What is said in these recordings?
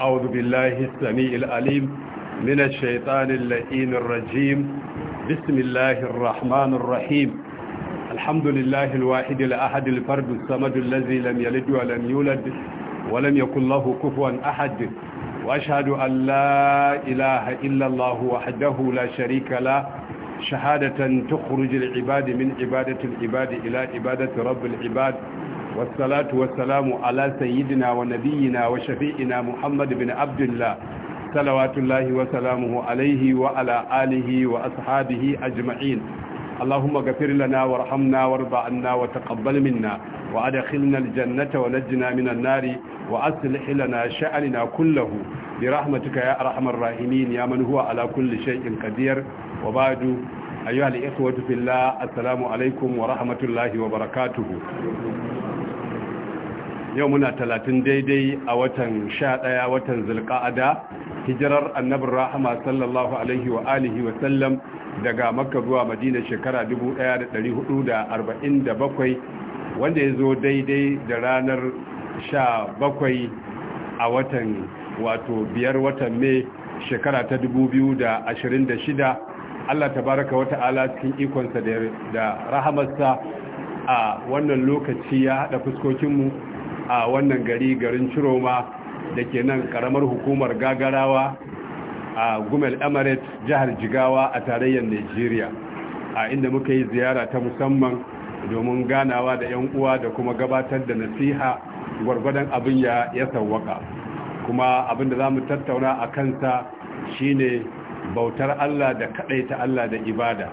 أعوذ بالله السميع العليم من الشيطان اللئيم الرجيم بسم الله الرحمن الرحيم الحمد لله الواحد الأحد الفرد الصمد الذي لم يلد ولم يولد ولم يكن له كفوا أحد وأشهد أن لا إله إلا الله وحده لا شريك له شهادة تخرج العباد من عبادة العباد إلى عبادة رب العباد wasalatu wasalamu ala sayyidina wa nabiyyina wa shafi'ina Muhammad bin Abdullah salawatullahi wa salamuhu alayhi wa ala alihi wa ashabihi ajma'in Allahumma ghafir lana warhamna warba anna wa taqabbal minna wa adkhilna aljannata wa najjina minan nari wa aslih lana sha'nana kullahu bi rahmatika ya arhamar rahimin ya man huwa ala kulli shay'in qadir wa ba'du ayyuha al-ikhwatu fillah assalamu alaykum wa rahmatulahi wa barakatuhu. yau muna talatin daidai a watan sha ɗaya watan zulƙa'ada hijirar annabin rahama sallallahu alaihi wa alihi wa sallam daga makka zuwa madina shekara 1447 wanda ya zo daidai da ranar sha bakwai a watan wato biyar watan mai shekara ta 2026 allah tabaraka wata ala cikin ikonsa da rahamarsa a wannan lokaci ya haɗa fuskokinmu a wannan gari garin ciroma da ke nan karamar hukumar gagarawa a gumel emirates jihar jigawa a tarayyar nigeria a inda muka yi ziyara ta musamman domin ganawa da 'yan uwa da kuma gabatar da nasiha gwargwadon abin ya ya sauwaka kuma abin da za mu tattauna a kansa shi ne bautar allah da ta allah da ibada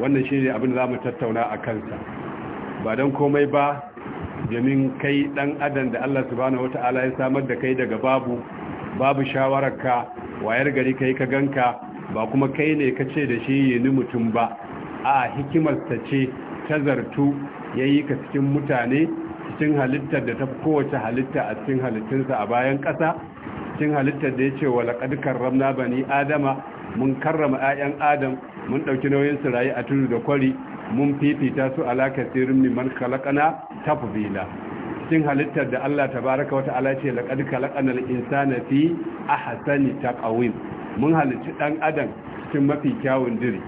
wannan shi ne abin da za mu tattauna a kansa ba don komai ba domin kai dan adam da Allah subhanahu wata'ala ya samar da kai daga babu babu shawarar ka wayar gari kai ka ganka ba kuma kai ne ka ce da shi yi ni mutum ba a ta ce ta zartu ya yi ka cikin mutane cikin halittar da ta kowace halitta a cikin halittunsa a bayan ƙasa cikin halittar da ya ce wa laƙadukan ramna bani adama mun karrama 'ya'yan adam mun ɗauki nauyin sirayi a tudu da kwari mun fifita su alaka sirrin mimman khalaqana tafzila cikin halittar da Allah tabaraka wata'ala ce laqad khalaqanal insana fi ahsani taqwim mun halitta dan adam cikin mafi kyawun diri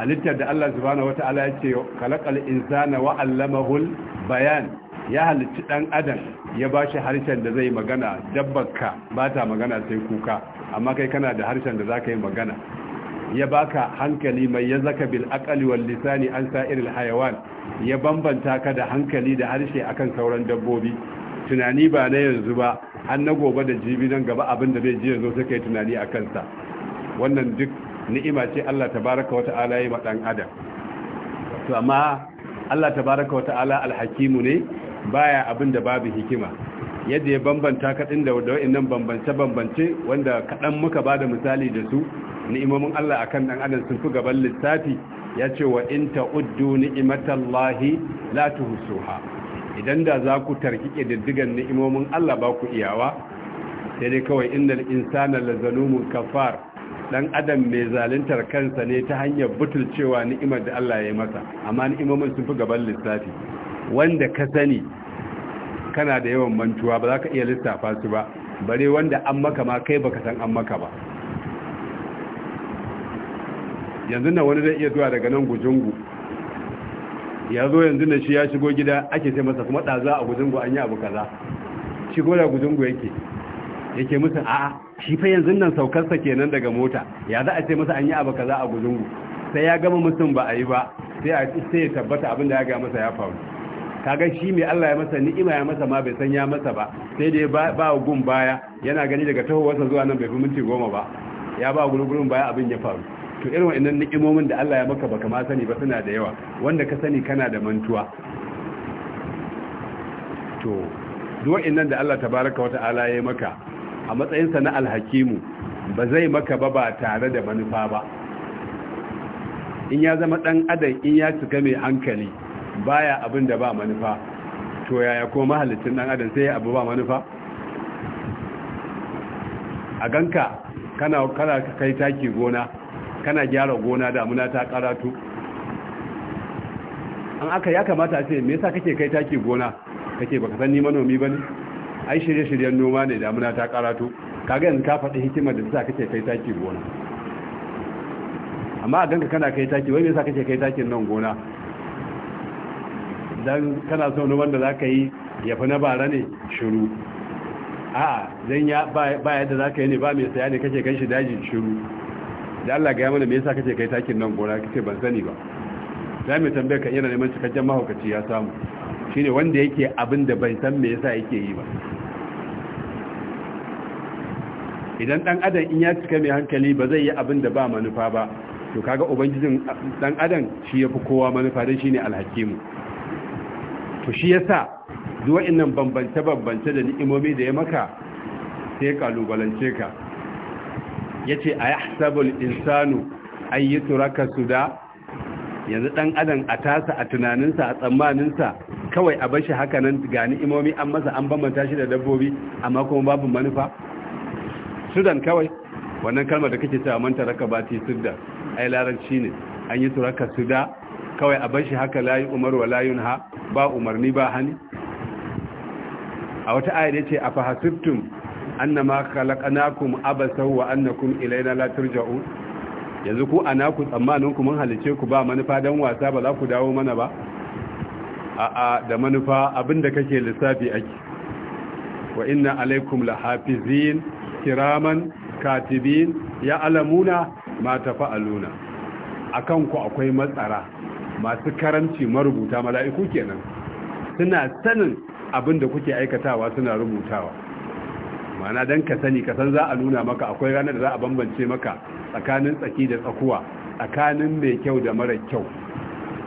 halittar da Allah subhanahu wata'ala ya ce khalaqal insana wa 'allamahul bayan ya halitta dan adam ya ba shi harshen da zai magana dabbaka ba ta magana sai kuka amma kai kana da harshen da zaka yi magana ya baka hankali mai ya zaka bil akaliwar wal lisani an sa'iril hayawan ya bambanta ka da hankali da harshe akan sauran dabbobi tunani ba na yanzu ba an na gobe da jibi nan gaba abin da zai ji yanzu sai kai tunani a kansa wannan duk ni'ima ce Allah tabaaraka wa ta'ala ya ma dan adam to amma Allah tabaaraka wa ta'ala alhakimu ne baya abin da babu hikima yadda ya bambanta ka din da wadannan bambance bambance wanda kadan muka bada misali da su ni'imomin Allah akan dan adam sun fi gaban lissafi ya ce wa in ta'uddu ni'imatallahi la tuhsuha idan da za ku tarkike diddigan ni'imomin Allah ba ku iyawa sai dai kawai innal insana lazalumun kafar dan adam mai zaluntar kansa ne ta hanyar butulcewa ni'imar da Allah ya yi masa amma ni'imomin sun fi gaban lissafi wanda ka sani kana da yawan mantuwa ba za ka iya lissafa su ba bare wanda an maka ma kai baka san an maka ba yanzu na wani zai iya zuwa daga nan gujungu ya zo yanzu na shi ya shigo gida ake sai masa kuma ɗaza a gujungu an yi abu kaza shigo da gujungu yake yake musu a'a shi fa yanzu nan saukarsa kenan daga mota ya za a ce masa an yi abu kaza a gujungu sai ya gama mutum ba a yi ba sai a sai ya tabbata abin da ya ga masa ya faru kaga shi mai Allah ya masa ni'ima ya masa ma bai san ya masa ba sai dai ba ba gun baya yana gani daga tahowarsa zuwa nan bai fi minti goma ba ya ba gurgurun baya abin ya faru to irin wa'annan ni'imomin da Allah ya maka baka ma sani ba suna da yawa wanda ka sani kana da mantuwa to duk nan da Allah tabaraka wa ta'ala ya maka a matsayinsa na alhakimu ba zai maka ba ba tare da manufa ba in ya zama dan adam in ya cika mai hankali baya abin da ba manufa to yaya ko mahallicin dan adam sai abu ba manufa a ganka kana kana kai taki gona kana gyara gona damuna ta karatu an aka ya kamata a ce me yasa kake kai taki gona kake baka san ni manomi bane ai shirye-shiryen noma ne damuna ta karatu kaga yanzu ka faɗi hikimar da yasa kake kai taki gona amma a ka kana kai taki wai me yasa kake kai takin nan gona dan kana so noman da zaka yi ya fi na bara ne shiru a'a zan ya ba yadda zaka yi ne ba mai saya ne kake kan shi daji shiru da Allah ga ya mana me yasa kace kai takin nan gora kace ban sani ba za mu tambaye ka yana neman cikakken mahaukaci ya samu shine wanda yake abin da bai san me yasa yake yi ba idan dan adam in ya cika mai hankali ba zai yi abin da ba manufa ba to kaga ubangijin dan adam shi yafi kowa manufa dan shine alhakimu to shi yasa zuwa innan bambance bambance da ni'imomi da ya maka sai kalubalance ka Ya ce a yace yi insanu su da yanzu dan adam a tasa a tunaninsa a tsammaninsa kawai a bashi haka nan ga ni'imomi an masa an bambanta shi da dabbobi amma kuma babu manufa sudan kawai wannan kalmar da kake cewa manta raka ba sudan a yi larabci ne an yi turaka da kawai a bashi haka layi umar wa layun ha ba umarni ba hani a wata ayar a afahasibtum annama khalaqnakum abasa wa annakum ilaina la turja'un yanzu ku ana ku tsammanin ku mun halice ku ba manufa dan wasa ba za ku dawo mana ba a da manufa abinda kake lissafi ake wa inna alaikum lahafizin kiraman katibin ya alamuna ma tafa'aluna akan ku akwai matsara masu karanci marubuta mala'iku kenan suna sanin abinda kuke aikatawa suna rubutawa ma'ana dan ka sani ka san za a nuna maka akwai ranar da za a bambance maka tsakanin tsaki da tsakuwa tsakanin mai kyau da mara kyau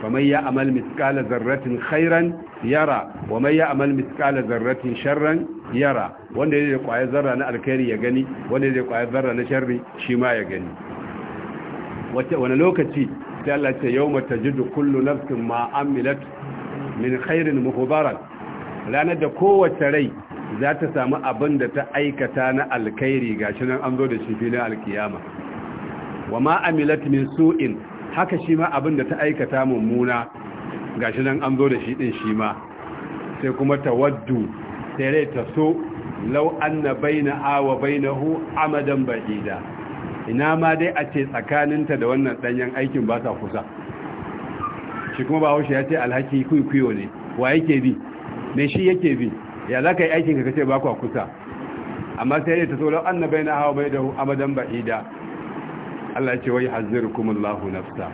kamar ya amal miskala zarratin khairan yara wa mai ya amal miskala zarratin sharran yara wanda ya kwayar zarra na alkhairi ya gani wanda ya kwayar zarra na sharri shi ma ya gani wani lokaci sai Allah ce yawma tajidu kullu nafsin ma amilat min khairin muhbaran ranar da kowace rai za ta samu abin da ta aikata na ga shi nan an zo da shi filin alkiyama wa ma amilat min su'in haka shi ma abin da ta aikata mummuna ga shi nan an zo da shi din shi ma sai kuma tawaddu sai rai ta so law anna bainaha wa bainahu amadan ba'ida ina ma dai a ce tsakaninta da wannan danyen aikin ba ta kusa shi kuma ba haushe ya ce alhaki kuikuyo ne wa yake bi me shi yake bi ya za ka yi aikin ka ce ba kusa amma sai ne ta so lau annabai na hawa bai da amadan ba'ida Allah ce wai hazzirukumullahu nafsa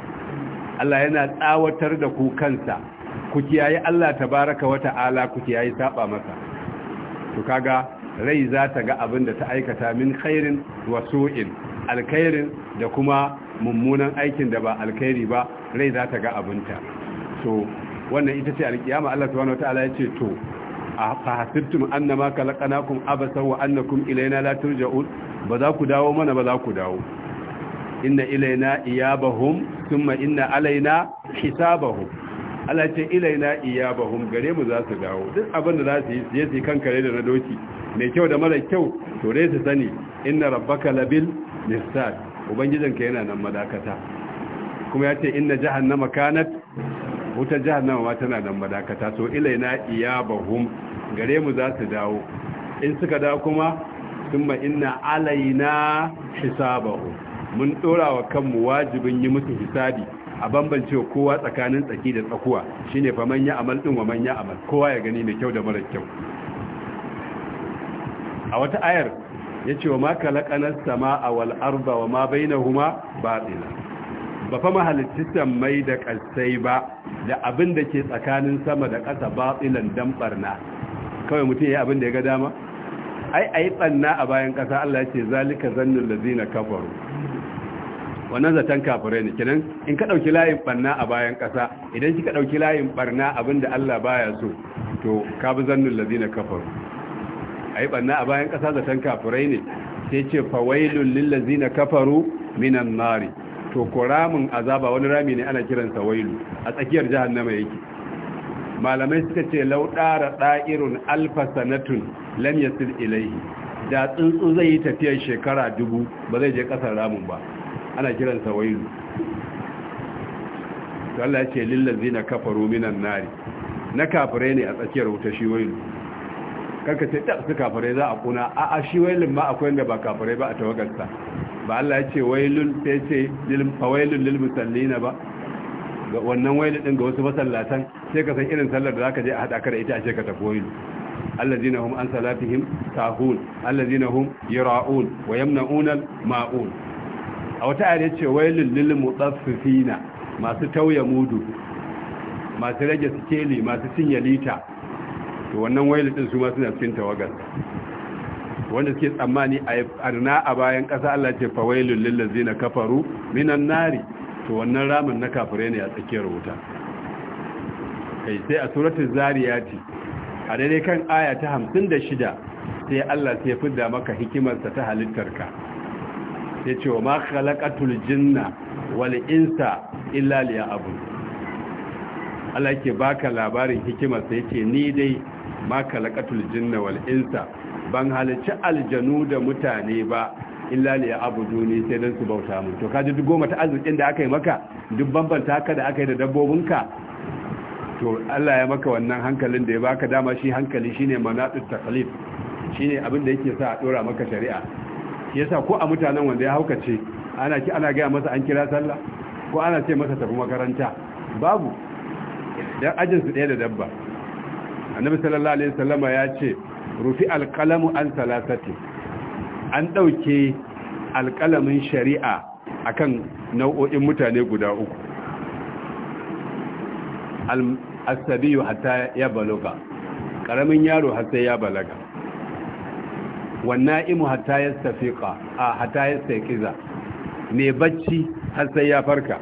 Allah yana tsawatar da ku kansa ku kiyaye Allah tabaraka wa ta'ala ku kiyaye saba masa to kaga rai za ta ga abin da ta aikata min khairin wa su'in alkhairin da kuma mummunan aikin da ba alkhairi ba rai za ta ga abinta to wannan ita ce alkiyama Allah subhanahu wa ta'ala ya ce to afahasirtum annama khalaqnakum abasa wa annakum ilaina la turja'un ba za ku dawo mana ba za ku dawo inna ilaina iyabahum thumma inna alaina hisabahum Allah ce ilaina iyabahum gare mu za su dawo duk abin da za su yi sai su kankare da na doki, mai kyau da mara kyau to dai su sani inna rabbaka labil mirsad ubangijinka yana nan madakata kuma ya ce inna jahannama kanat wutar jihar ma tana nan madakata so ilaina iyabahum gare mu za su dawo in suka dawo kuma summa inna alaina hisabahum mun dora wa kanmu wajibin yi musu hisabi a bambance kowa tsakanin tsaki da tsakuwa shine fa manya amal din wa manya amal kowa ya gani mai kyau da mara kyau a wata ayar yace wa ma kalaqanas samaa wal arda wa ma bainahuma batila ba fa mahalicci mai da kalsai ba da abin da ke tsakanin sama da ƙasa batsilan dan barna kawai mutum ya yi abin da ya ga dama ai a yi tsanna a bayan ƙasa Allah ce zalika zannin zina kafaru wannan zaton kafirai ne kinan in ka ɗauki layin barna a bayan ƙasa idan kika ɗauki layin ɓarna da Allah baya so to ka bi zannin zina kafaru a yi ɓarna a bayan ƙasa zaton kafirai ne sai ce fawailun lillazina kafaru minan nari to ko azaba wani rami ne ana kiransa wailu a tsakiyar jahannama yake malamai suka ce laudara da'irun alfa sanatun lam yasil ilaihi da tsuntsu zai yi tafiyar shekara dubu ba zai je kasar ramin ba ana kiransa wailu Allah ya ce kafaru minan nari na kafirai ne a tsakiyar wuta shi wailu karka ce ta su kafirai za a kuna a a shi wailun ma akwai wanda ba kafirai ba a tawagarsa ba Allah ya ce wailun sai ce wailun lil musallina ba ga wannan wailun din ga wasu masallatan sai ka san irin sallar da zaka je a hada ka da ita a ce ka tafi wailu allazina hum an salatihim sahun allazina hum yura'un wa yamna'una ma'un a wata ayar ce wailun lil mutaffifina masu tauya mudu masu rage sikeli masu cinye lita to wannan wail din su ma suna cikin tawagar wanda suke tsammani a arna a bayan ƙasa Allah ce fa wailul lil ladzina kafaru minan nari to wannan ramin na kafire ne a tsakiyar wuta kai sai a suratul zariyati a daidai kan aya ta 56 sai Allah sai fidda maka hikimarsa ta halittarka sai ce wa ma khalaqatul jinna wal insa illa liya'budun Allah yake baka labarin hikimar sa yake ni dai ma kalaqatul jinna wal insa ban halici aljanu da mutane ba illa liya abuduni sai dan su bauta mu to kaji duk goma ta arzikin da aka yi maka duk bambanta ka da aka yi da dabbobinka to Allah ya maka wannan hankalin da ya baka dama shi hankali shine manatu taqlif shine abin da yake sa a dora maka shari'a yasa ko a mutanen wanda ya haukace ana ki ana ga masa an kira sallah ko ana ce masa tafi makaranta babu dan ajin su ɗaya da dabba annabi sallallahu alaihi wasallama ya ce rufi alqalamu an salasati an dauke alqalamin shari'a akan nau'o'in mutane guda uku al-asabiyu hatta ya balaga karamin yaro har sai ya balaga wan na'imu hatta ya safiqa a hatta ya mai bacci har sai ya farka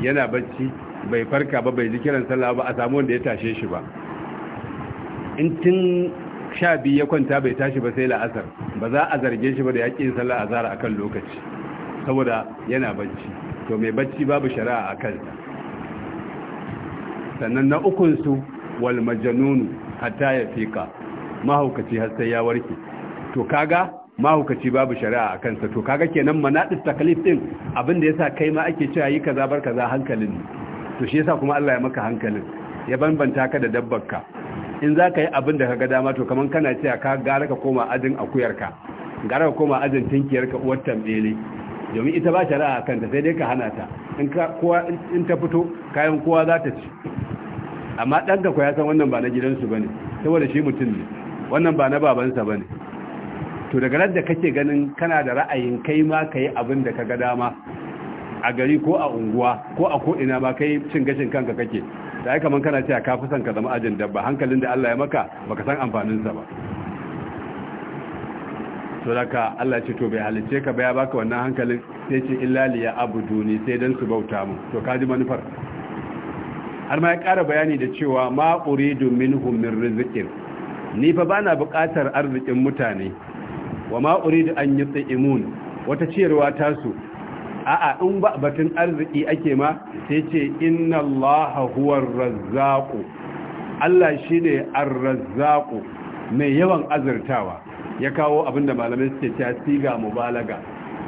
yana bacci bai farka ba bai ji kiran sallah ba a samu wanda ya tashe shi ba in tun sha biyu ya kwanta bai tashi ba sai la'asar ba za a zarge shi ba da yaƙin sallah a zara akan lokaci saboda yana bacci to mai bacci babu shari'a a kansa. sannan na ukunsu wal majanunu hatta ya fika mahaukaci har sai ya warke to kaga mahaukaci babu shari'a a kansa to kaga kenan ɗin takalif da abinda sa kai ma ake cewa yi kaza bar kaza hankalin ne to shi yasa kuma Allah ya maka hankalin ya bambanta ka da dabbarka in za ka yi abin da ka ga dama to kamar kana cewa ka gara ka koma ajin akuyarka gara ka koma ajin tinkiyarka uwar tambele domin ita ba shari'a kanta sai dai ka hana ta in ka kowa in ta fito kayan kowa za ta ci amma dan ka ya san wannan ba na gidansu bane saboda shi mutum ne wannan ba na babansa bane to daga nan da kake ganin kana da ra'ayin kai ma ka yi abin da ka ga dama a gari ko a unguwa ko a ko'ina ba kai cin gashin kanka kake da aika kaman kana cewa ka fi son ka zama ajin dabba hankalin da Allah ya maka baka san amfaninsa ba to daga Allah ce to bai halice ka ba ya baka wannan hankalin sai ce illa liya abuduni sai dan su bauta mu to ka ji manufar har ma ya kara bayani da cewa ma uridu minhum min rizqin ni fa bana buƙatar arzikin mutane wa ma uridu an yut'imun wata ciyarwa tasu a'a in ba batun arziki ake ma sai ce inna Allah huwar razzaqu Allah shine ar-razzaqu mai yawan azurtawa ya kawo abinda malamai suke cewa siga mubalaga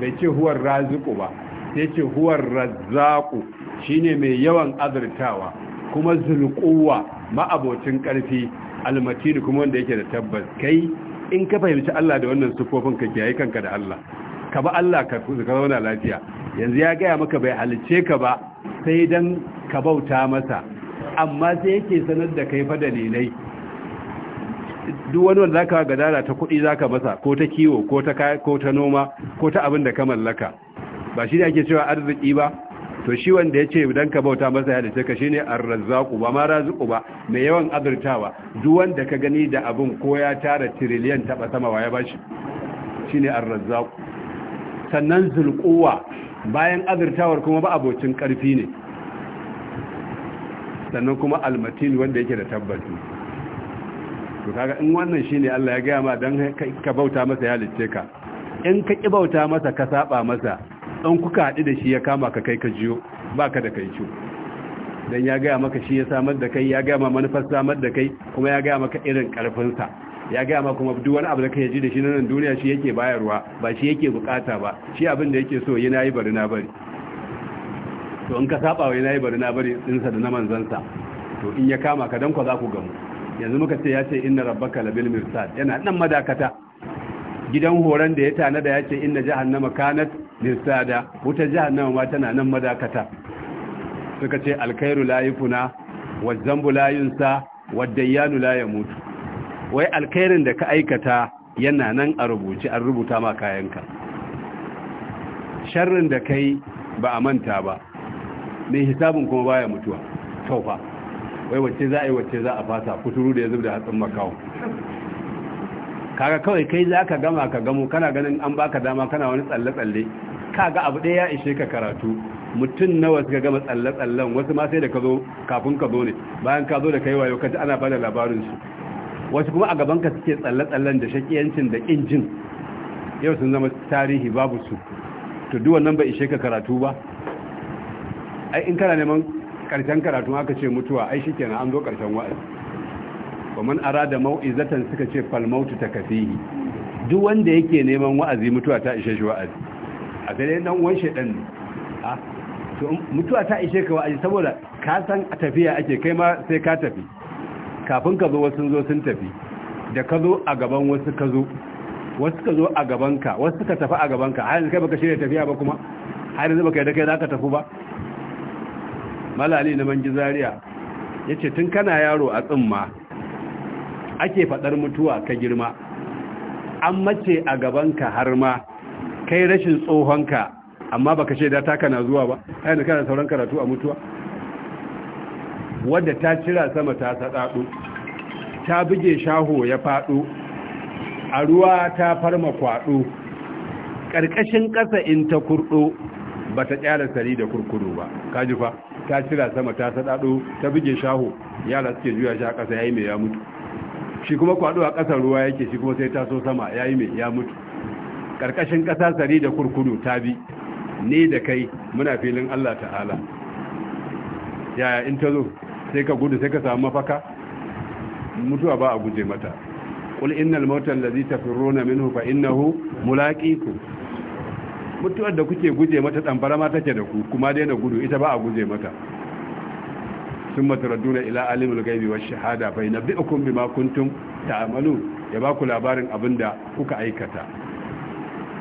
bai ce huwar raziqu ba sai ce huwar razzaqu shine mai yawan azurtawa kuma zulquwa ma'abocin karfi almatini kuma wanda yake da tabbas kai in ka fahimci Allah da wannan sufofin ka kiyaye kanka da Allah ka ba Allah ka zauna lafiya yanzu ya gaya maka bai halice ka ba sai dan ka bauta masa amma sai yake sanar da kai fa dalilai duk wani wanda zaka gadara ta kuɗi zaka masa ko ta kiwo ko ta ko ta noma ko ta abin da ka mallaka ba shi ne ake cewa arziki ba to shi wanda ya ce dan ka bauta masa ya dace ka shine arrazzaku ba ma raziku ba mai yawan azurtawa duk wanda ka gani da abin ko ya tara trillion taba sama waya bashi shine arrazzaku sannan zulkuwa bayan azurtawar kuma ba abocin karfi ne sannan kuma almatin wanda yake da tabbatu to kaga in wannan shine Allah ya gaya ma dan ka bauta masa ya lice ka in ka ki bauta masa ka saba masa dan kuka hadu da shi ya kama ka kai ka jiyo baka da kai ciwo dan ya gaya maka shi ya samar da kai ya gaya ma manufar samar da kai kuma ya gaya maka irin karfin sa ya gaya ma kuma duk wani abu da kai ji da shi na nan duniya shi yake bayarwa ba shi yake bukata ba shi abin da yake so yana yi bari na bari to in ka saba wa yana yi bari na bari dinsa da na manzansa to in ya kama ka dan ko za ku gamu yanzu muka ce ya ce inna rabbaka labil mirsad yana nan madakata gidan horon da ya tanada ya ce inna jahannama kanat mirsada wuta jahannama ma tana nan madakata suka ce alkhairu la yufuna wa zambu la yunsa wa dayyanu la yamutu wai alkairin da ka aikata yana nan a rubuce an rubuta ma kayanka sharrin da kai ba a manta ba ne hisabin kuma baya mutuwa taufa wai wacce za a yi wacce za a fasa kuturu da ya zub da hatsin makawo kaga kawai kai za ka gama ka gamo kana ganin an baka dama kana wani tsalle-tsalle kaga abu ɗaya ya ishe ka karatu mutum nawa suka gama tsalle-tsallen wasu ma sai da ka zo kafin ka zo ne bayan ka zo da kai wayo ka ji ana bada labarinsu wasu kuma a gabanka suke tsalle-tsallen da shakiyancin da injin yau sun zama tarihi babu su to duk nan ba ishe ka karatu ba ai in kana neman karshen karatu aka ce mutuwa ai shi kenan an zo karshen wa'azi ara da mau'izatan suka ce Falmautu ta kafihi duk wanda yake neman wa'azi mutuwa ta ishe shi wa'azi a gare dan uwan shedan ne a to mutuwa ta ishe ka wa'azi saboda ka san a tafiya ake kai ma sai ka tafi kafin ka zo wasu zo sun tafi da ka zo a gaban wasu ka zo wasu ka zo a gabanka wasu ka tafi a gabanka har yanzu kai baka shirya tafiya ba kuma har yanzu baka yi da kai za ka tafi ba malali na manji zaria ya ce tun kana yaro a tsimma ake faɗar mutuwa ka girma an mace a gabanka har ma kai rashin tsohonka amma baka shaida ta kana zuwa ba har yanzu kana sauran karatu a mutuwa wadda ta cira sama ta saɗaɗo ta buge shaho ya faɗo a ruwa ta farma kwaɗo ƙarƙashin ƙasa in ta kurɗo ba ta ƙyara sari da kurkuru ba kaji fa ta cira sama ta saɗaɗo ta buge shaho yara suke juya shi a ƙasa ya yi mai ya mutu shi kuma kwaɗo a ƙasar ruwa yake shi kuma sai ta so sama ya yi mai ya mutu ƙarƙashin ƙasa sari da kurkuru ta bi ne da kai muna filin Allah ta'ala yaya in ta zo sai ka gudu sai ka samu mafaka mutuwa ba a guje mata kul innal mauta allazi tafirruna minhu fa innahu mulaqiku mutuwar da kuke guje mata dan barama take da ku kuma dai na gudu ita ba a guje mata sun turaduna ila alimul gaibi wa shahada bai na bima kuntum ta'malu ya ba ku labarin abin da kuka aikata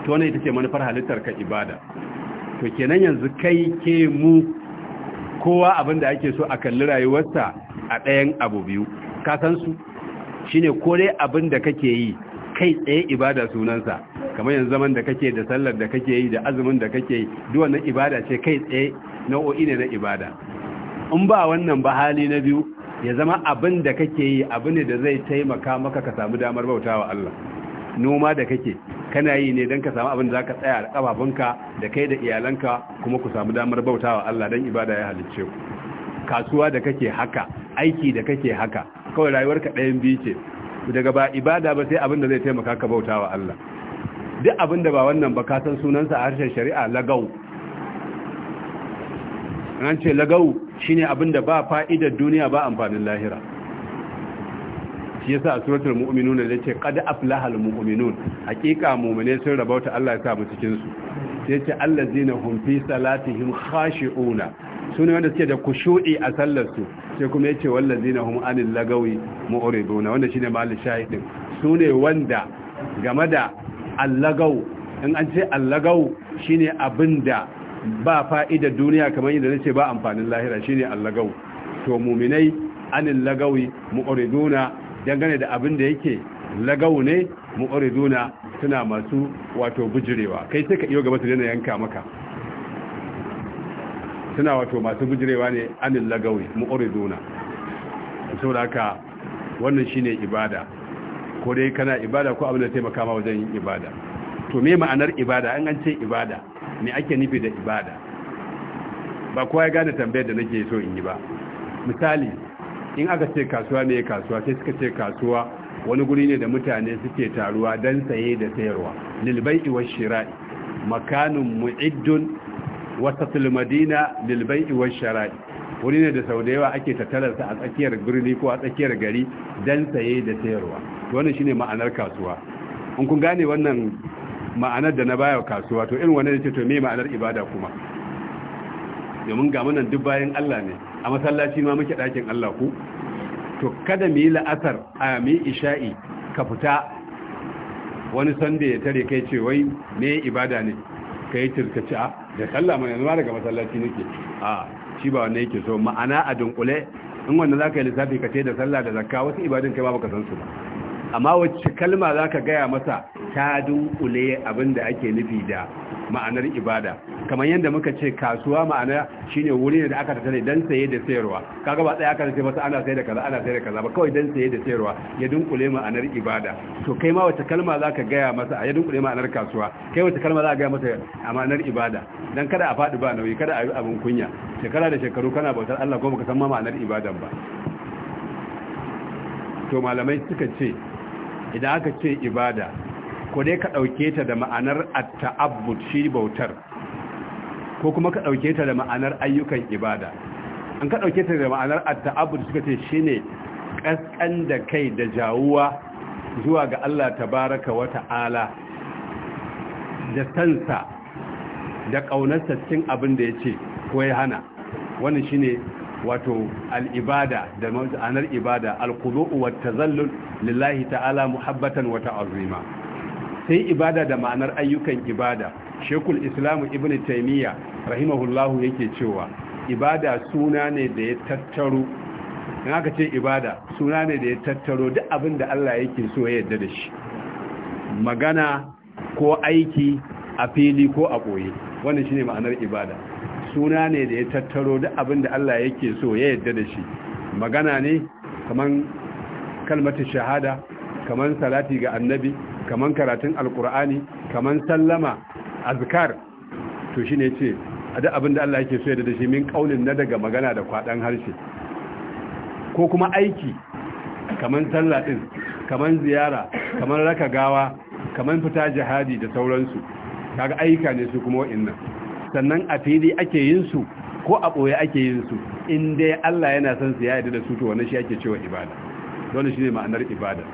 to ne ita ce manufar halittar ka ibada to kenan yanzu kai ke mu kowa abin da ake so a kalli rayuwarsa a ɗayan abu biyu kasansu shi ne kore abin da kake yi kai tsaye ibada sunansa kamar yanzu zaman da kake da sallar da kake yi da azumin da kake yi na ibada ce kai tsaye nau'o'i ne na ibada in ba wannan ba hali na biyu ya zama abin da kake yi abu ne da zai taimaka maka ka samu damar bautawa Allah noma da kake kana yi ne don ka samu abin da za ka tsaya a ƙafafunka da kai da iyalanka kuma ku samu damar bauta wa Allah don ibada ya halicce ku kasuwa da kake haka aiki da kake haka kawai rayuwarka ɗayan biyu ce daga ba ibada ba sai abin da zai taimaka ka bauta wa Allah duk abin da ba wannan ba ka san sunansa a harshen shari'a lagau an ce lagau shine abin da ba fa'idar duniya ba amfanin lahira shi yasa a suratul mu'minun ne yake qad aflaha al mu'minun hakika mu'mine sun rabauta Allah ya sa mu cikin su yace allazina hum fi salatihim khashi'una sune wanda suke da kushu'i a sallar su sai kuma yace wallazina hum anil lagawi mu'riduna wanda shine mahallin shahidin sune wanda game da allagau in an ce allagau shine abinda ba fa'ida duniya kamar yadda nace ba amfanin lahira shine allagau to mu'minai anil lagawi mu'riduna dangane da abin da yake lagau ne mu'riduna suna masu wato bujirewa kai sai ka iyo gaba su dena yanka maka suna wato masu bujirewa ne anil lagawi mu'riduna saboda haka wannan shine ibada ko dai kana ibada ko abin da taimaka ma wajen yin ibada to me ma'anar ibada an an ce ibada me ake nufi da ibada ba kowa ya gane tambayar da nake so in yi ba misali in aka ce kasuwa ne kasuwa sai suka ce kasuwa wani guri ne da mutane suke taruwa don saye da sayarwa lilbai'i wa shira'i makanun mu'iddun wasatul madina lilbai'i wa shira'i wuri ne da sau da yawa ake tattararsa a tsakiyar birni ko a tsakiyar gari don saye da sayarwa wannan shine ma'anar kasuwa in kun gane wannan ma'anar da na baya kasuwa to irin wannan ce to me ma'anar ibada kuma domin ga munan duk bayan Allah ne a masallaci ma muke ɗakin Allah ku to kada mu yi la'asar a mi isha'i ka fita wani sanda ya tare kai ce wai me ibada ne ka yi a ah, da sallah mai yanzu daga masallaci nake a shi ba wannan yake so ma'ana a dunkule in wanda za ka yi lissafi ka ce da sallah da zakka wasu ibadun kai ba baka san su ba amma wacce kalma za ka gaya masa ta dunkule abin da ake nufi da ma'anar ibada kamar yadda muka ce kasuwa ma'ana shine wuri ne da aka tattare dan saye da sayarwa kaga ba tsaya aka ce masa ana saye da kaza ana saye da kaza ba kawai dan saye da sayarwa ya dunkule ma'anar ibada to kai ma wata kalma zaka gaya masa a ya dunkule ma'anar kasuwa kai wata kalma zaka gaya masa a ma'anar ibada dan kada a faɗi ba nauyi kada a yi abin kunya shekara da shekaru kana bautar Allah ko baka san ma ma'anar ibadan ba to malamai suka ce idan aka ce ibada ko dai ka ɗauke ta da ma'anar taabbud shi bautar ko kuma ka ɗauke ta da ma'anar ayyukan ibada an ka ɗauke ta da ma'anar at-ta'abbud suka ce shine ƙasƙan da kai da jawuwa zuwa ga Allah ta wa ta'ala da sansa da ƙaunarsa cikin abin da ya ce ko ya hana shi shine wato al'ibada da ma'anar ibada al wata zallun lillahi ta'ala muhabbatan wata ta'azima sai ibada da ma'anar ayyukan ibada shekul islamu ibn taimiyya rahimahullahu yake cewa ibada suna ne da ya tattaro in aka ce ibada suna ne da ya tattaro duk abin da allah yake so ya yarda da shi magana ko aiki a fili ko a ɓoye wannan shine ma'anar ibada suna ne da ya tattaro duk abin da allah yake so ya yarda da shi magana ne kamar kalmatin shahada kamar salati ga annabi kaman karatun alkur'ani kaman sallama azkar to shine yace ada abinda Allah yake so da shi min kaulin na daga magana da kwadan harshe ko kuma aiki kaman sallah din kaman ziyara kaman raka gawa kaman fita jihadi da sauransu kaga aika ne su kuma wa'annan sannan a fili ake yin su ko a boye ake yin su in dai Allah yana son su ya yarda da su to wannan shi ake cewa ibada wannan shine ma'anar ibada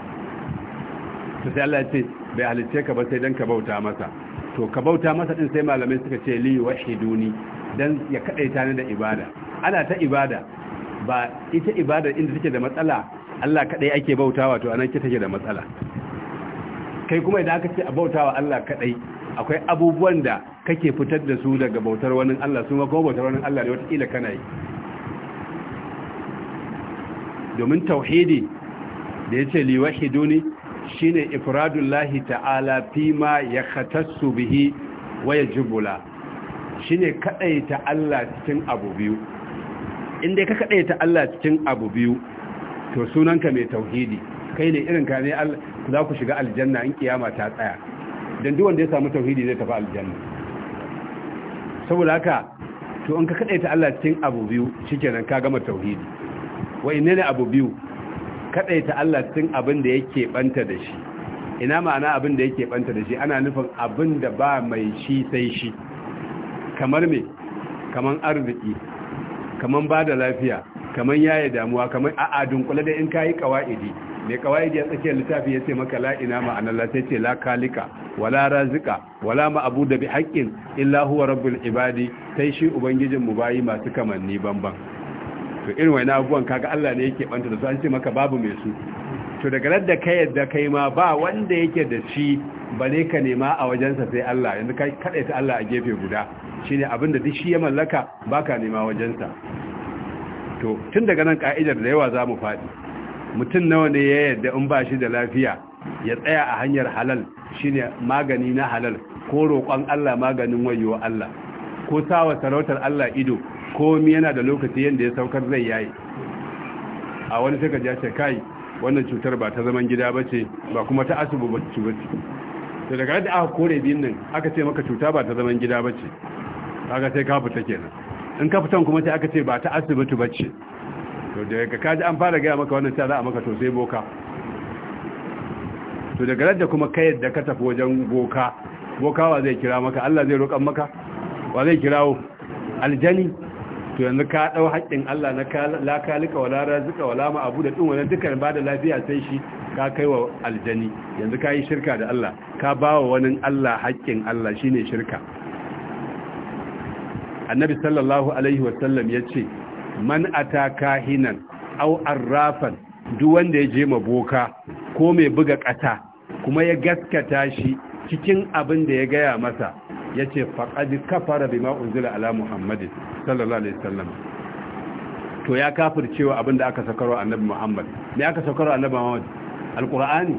ta sai Allah ya ce bai halicce ka ba sai dan ka bauta masa to ka bauta masa din sai malamai suka ce li wahiduni dan ya kadaita ni da ibada ana ta ibada ba ita ibada inda take da matsala Allah kadai ake bautawa to anan ke take da matsala kai kuma idan aka ce a bautawa Allah kadai akwai abubuwan da kake fitar da su daga bautar wani Allah su kuma bautar wani Allah ne watakila kana yi domin tauhidi da ya ce liwahiduni shine ifradullahi ta'ala fima ya khatassu bihi wa yajbula shine kadaita Allah cikin abu biyu inda ka kadaita Allah cikin abu biyu to sunanka mai tauhidi kai ne irin ka ne za ku shiga aljanna in kiyama ta tsaya dan duk wanda ya samu tauhidi zai tafi aljanna saboda haka to in ka kadaita Allah cikin abu biyu shikenan ka gama tauhidi wa inna abu biyu kadaita Allah cikin abin da yake banta da shi ina ma'ana abin da yake banta da shi ana nufin abin da ba mai shi sai shi kamar me kamar arziki kamar ba da lafiya kamar yaye damuwa kamar a'a dunkule da in yi kawaidi mai kawaidi ya tsakiyar littafi ya ce maka la ina ma'ana la sai ce la kalika wala razika wala ma'abu bi haƙƙin illa huwa rabbul ibadi sai shi ubangijin mu bayi masu kamanni banban to irin wani abubuwan kaga Allah ne yake banta da su an ce maka babu mai su to daga da ka yadda kai ma ba wanda yake da shi bale ka nema a wajensa sai Allah yanzu kai kada ta Allah a gefe guda shine abin da duk shi ya mallaka ba ka nema wajensa to tun daga nan ka'idar da yawa za mu faɗi mutum nawa ne ya yadda in ba shi da lafiya ya tsaya a hanyar halal shine magani na halal ko roƙon Allah maganin wayo Allah ko sawa sarautar Allah ido komi yana da lokaci yadda ya saukar zai yayi a wani sai ka ja ce kai wannan cutar ba ta zaman gida ba ce ba kuma ta asibu ba ci ba to daga yadda aka kore biyun nan aka ce maka cuta ba ta zaman gida ba ce aka sai ka fita kenan in ka fitan kuma sai aka ce ba ta asibiti ba ce to daga ka ji an fara gaya maka wannan ta za a maka to sai boka to daga yadda kuma ka yadda ka tafi wajen boka boka wa zai kira maka Allah zai roƙan maka wa zai kirawo aljani to yanzu ka dau haƙƙin Allah na la kalika wala razika wala ma abu da din wannan dukan ba da lafiya sai shi ka kaiwa aljani yanzu ka yi shirka da Allah ka ba wa wani Allah haƙƙin Allah shine shirka annabi sallallahu alaihi wa ya ce man ataka hinan, aw arrafan duk wanda ya je maboka ko mai buga ƙasa kuma ya gaskata shi cikin abin da ya gaya masa yace faqad kafara bima unzila ala muhammadin sallallahu alaihi wasallam to ya cewa abinda aka sakarwa annabi muhammad ne aka sakarwa annabi muhammad alqur'ani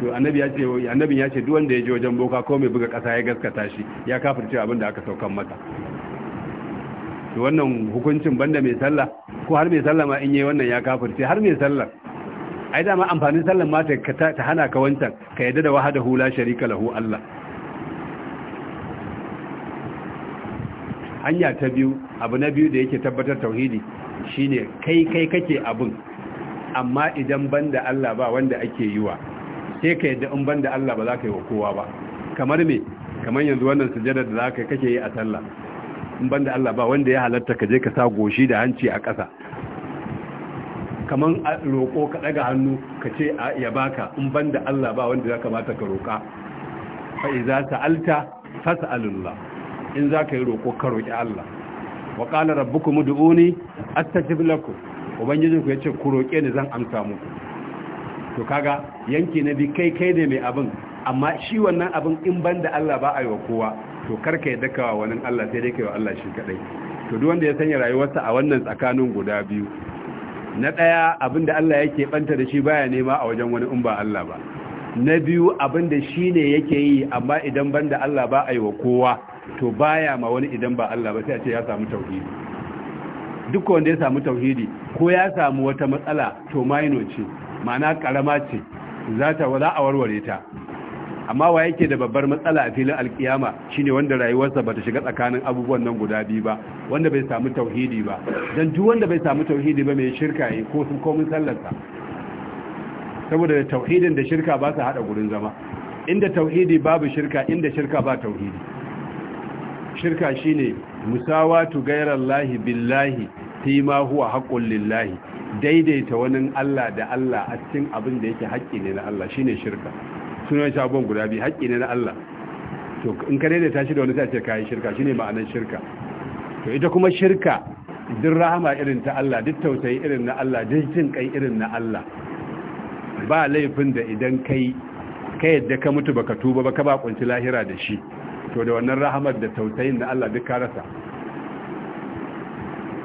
to annabi ya ce annabin ya ce duk wanda ya je wajen boka ko mai buga kasa ya gaskata shi ya kafir cewa da aka saukan mata to wannan hukuncin banda mai sallah ko har mai sallah ma in yi wannan ya ce har mai sallah ai dama amfanin sallah ma ta hana ka wancan ka yadda da wahada hula sharika lahu Allah hanya ta biyu abu na biyu da yake tabbatar tauhidi shine kai kai kake abun amma idan banda Allah ba wanda ake yiwa sai ka yadda in banda Allah ba za ka yi wa kowa ba kamar me kamar yanzu wannan sujada da za ka kake yi a sallah in banda Allah ba wanda ya halatta ka je ka sa goshi da hanci a ƙasa kamar roƙo ka ɗaga hannu ka ce ya baka in banda Allah ba wanda ya kamata ka roƙa fa iza sa'alta fas'alullah in za ka yi roƙo ka roƙi Allah wa ƙala rabbukum ni. astajib lakum ubangijin ku ce ku roƙe ni zan amsa muku to kaga yanki na bi kai kai ne mai abin amma shi wannan abin in banda Allah ba a yi wa kowa to karka yi dakawa wa wani Allah sai dai ka yi wa Allah shi kaɗai. to duk wanda ya sanya rayuwarsa a wannan tsakanin guda biyu na ɗaya abin da Allah yake ɓanta da shi baya nema a wajen wani in ba Allah ba na biyu abinda shi ne yake yi amma idan banda Allah ba a yi wa kowa to baya ma wani idan ba Allah ba sai a ce ya samu tauhidi duk wanda ya samu tauhidi ko ya samu wata matsala to maino ce ma'ana karama ce za ta za a warware ta amma wa yake da babbar matsala a filin alkiyama shine wanda rayuwarsa bata shiga tsakanin abubuwan nan guda biyu ba wanda bai samu tauhidi ba dan duk wanda bai samu tauhidi ba mai shirka yi ko sun komai sallarsa saboda tauhidin da shirka ba su hada gurin zama inda tauhidi babu shirka inda shirka ba tauhidi shirka shine musawatu ghairallahi billahi fi ma huwa haqqul lillahi daidaita wani Allah da Allah a cikin abin da yake haƙƙi ne na Allah shine shirka sunan sabon guda biyu haƙƙi ne na Allah to in ka daidaita shi da wani sai ce kai shirka shine ma'anar shirka to ita kuma shirka duk rahama irin ta Allah duk tausayi irin na Allah duk jin kai irin na Allah ba laifin da idan kai ka yadda ka mutu baka tuba baka ba kunci lahira da shi to da wannan rahamar da tausayin da Allah duk karasa. rasa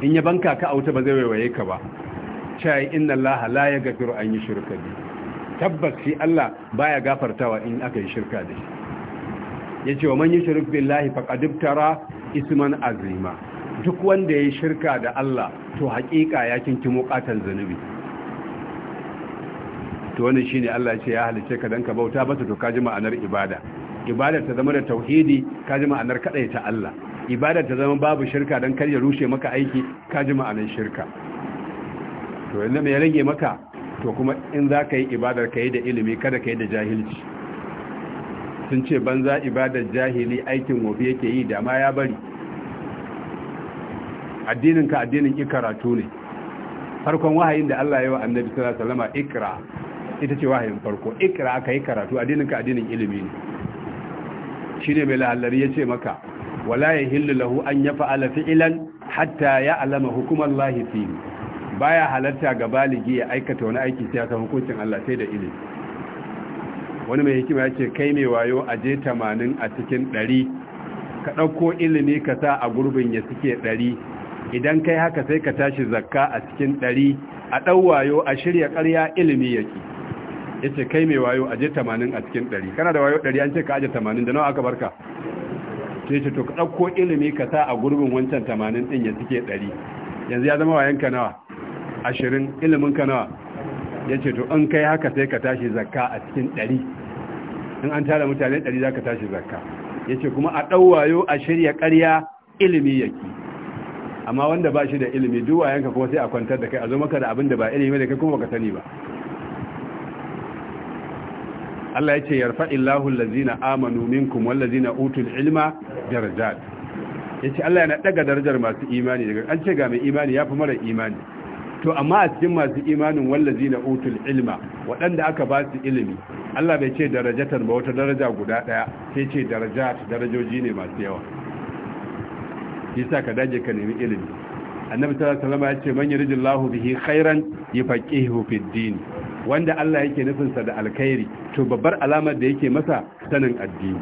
in ya banka ka auta ba zai waiwaye ka ba cewa inna Allah la yaghfiru an yushrika bi tabbas shi Allah baya gafartawa in aka yi shirka da shi yace wa man yushrik billahi faqad tara isman azima duk wanda yayi shirka da Allah to hakika ya kinki katan zanubi to wannan shine Allah ya ce ya halice ka dan ka bauta ba to ka ji ma'anar ibada ibadar ta zama da tauhidi ka ji ma'anar ta Allah ibadar ta zama babu shirka don kar ya rushe maka aiki ka ji ma'anar shirka to yanzu mai ya rage maka to kuma in za ka yi ibadar ka yi da ilimi kada ka yi da jahilci sun ce banza ibadar jahili aikin wofi yake yi da ma ya bari Addinin ka addinin karatu ne farkon wahayin da Allah ya wa annabi sallallahu alaihi wasallam ikra ita ce wahayin farko ikra ka yi karatu addinin ka addinin ilimi ne shine mai lahallari ya ce maka wala hillu lahu an yaf'ala fi'lan hatta ya alama hukumar lahi ba baya halarta ga baligi ya aikata wani aiki sai san hukuncin Allah sai da ilimi wani mai hikima ya ce kai mai wayo a je tamanin a cikin ɗari, ka ɗauko ilimi ka sa a gurbin ya suke ɗari, idan kai haka sai ka tashi zakka a cikin ɗari, a ɗau wayo a shirya ƙarya ilimi yake ya ce kai mai wayo aje tamanin a cikin 100 kana da wayo 100 an ce ka aje tamanin da nawa aka barka sai ce to ka ɗauko ilimi ka sa a gurbin wancan tamanin ɗin ya suke 100 yanzu ya zama wayanka nawa ashirin ilimin ka nawa ya ce to in kai haka sai ka tashi zakka a cikin 100 in an tara mutane 100 za ka tashi zakka ya ce kuma a ɗau wayo a shirya ƙarya ilimi yake amma wanda ba shi da ilimi duwayenka kuma sai a kwantar da kai a zo maka da abin da ba ilimi da kai kuma baka sani ba Allah ya ce yarfa illahu allazina amanu minkum wallazina utul ilma darajat yace Allah yana daga darajar masu imani daga an ce ga mai imani yafi mara imani to amma a cikin masu imanin wallazina utul ilma waɗanda aka ba su ilimi Allah bai ce darajatar ba wata daraja guda daya sai ce darajat darajoji ne masu yawa yasa ka dage ka nemi ilimi annabi sallallahu alaihi wasallam ya ce man yuridillahu bihi khairan yufaqihu fid din wanda Allah yake nufinsa da alkhairi to babbar alamar da yake masa sanin addini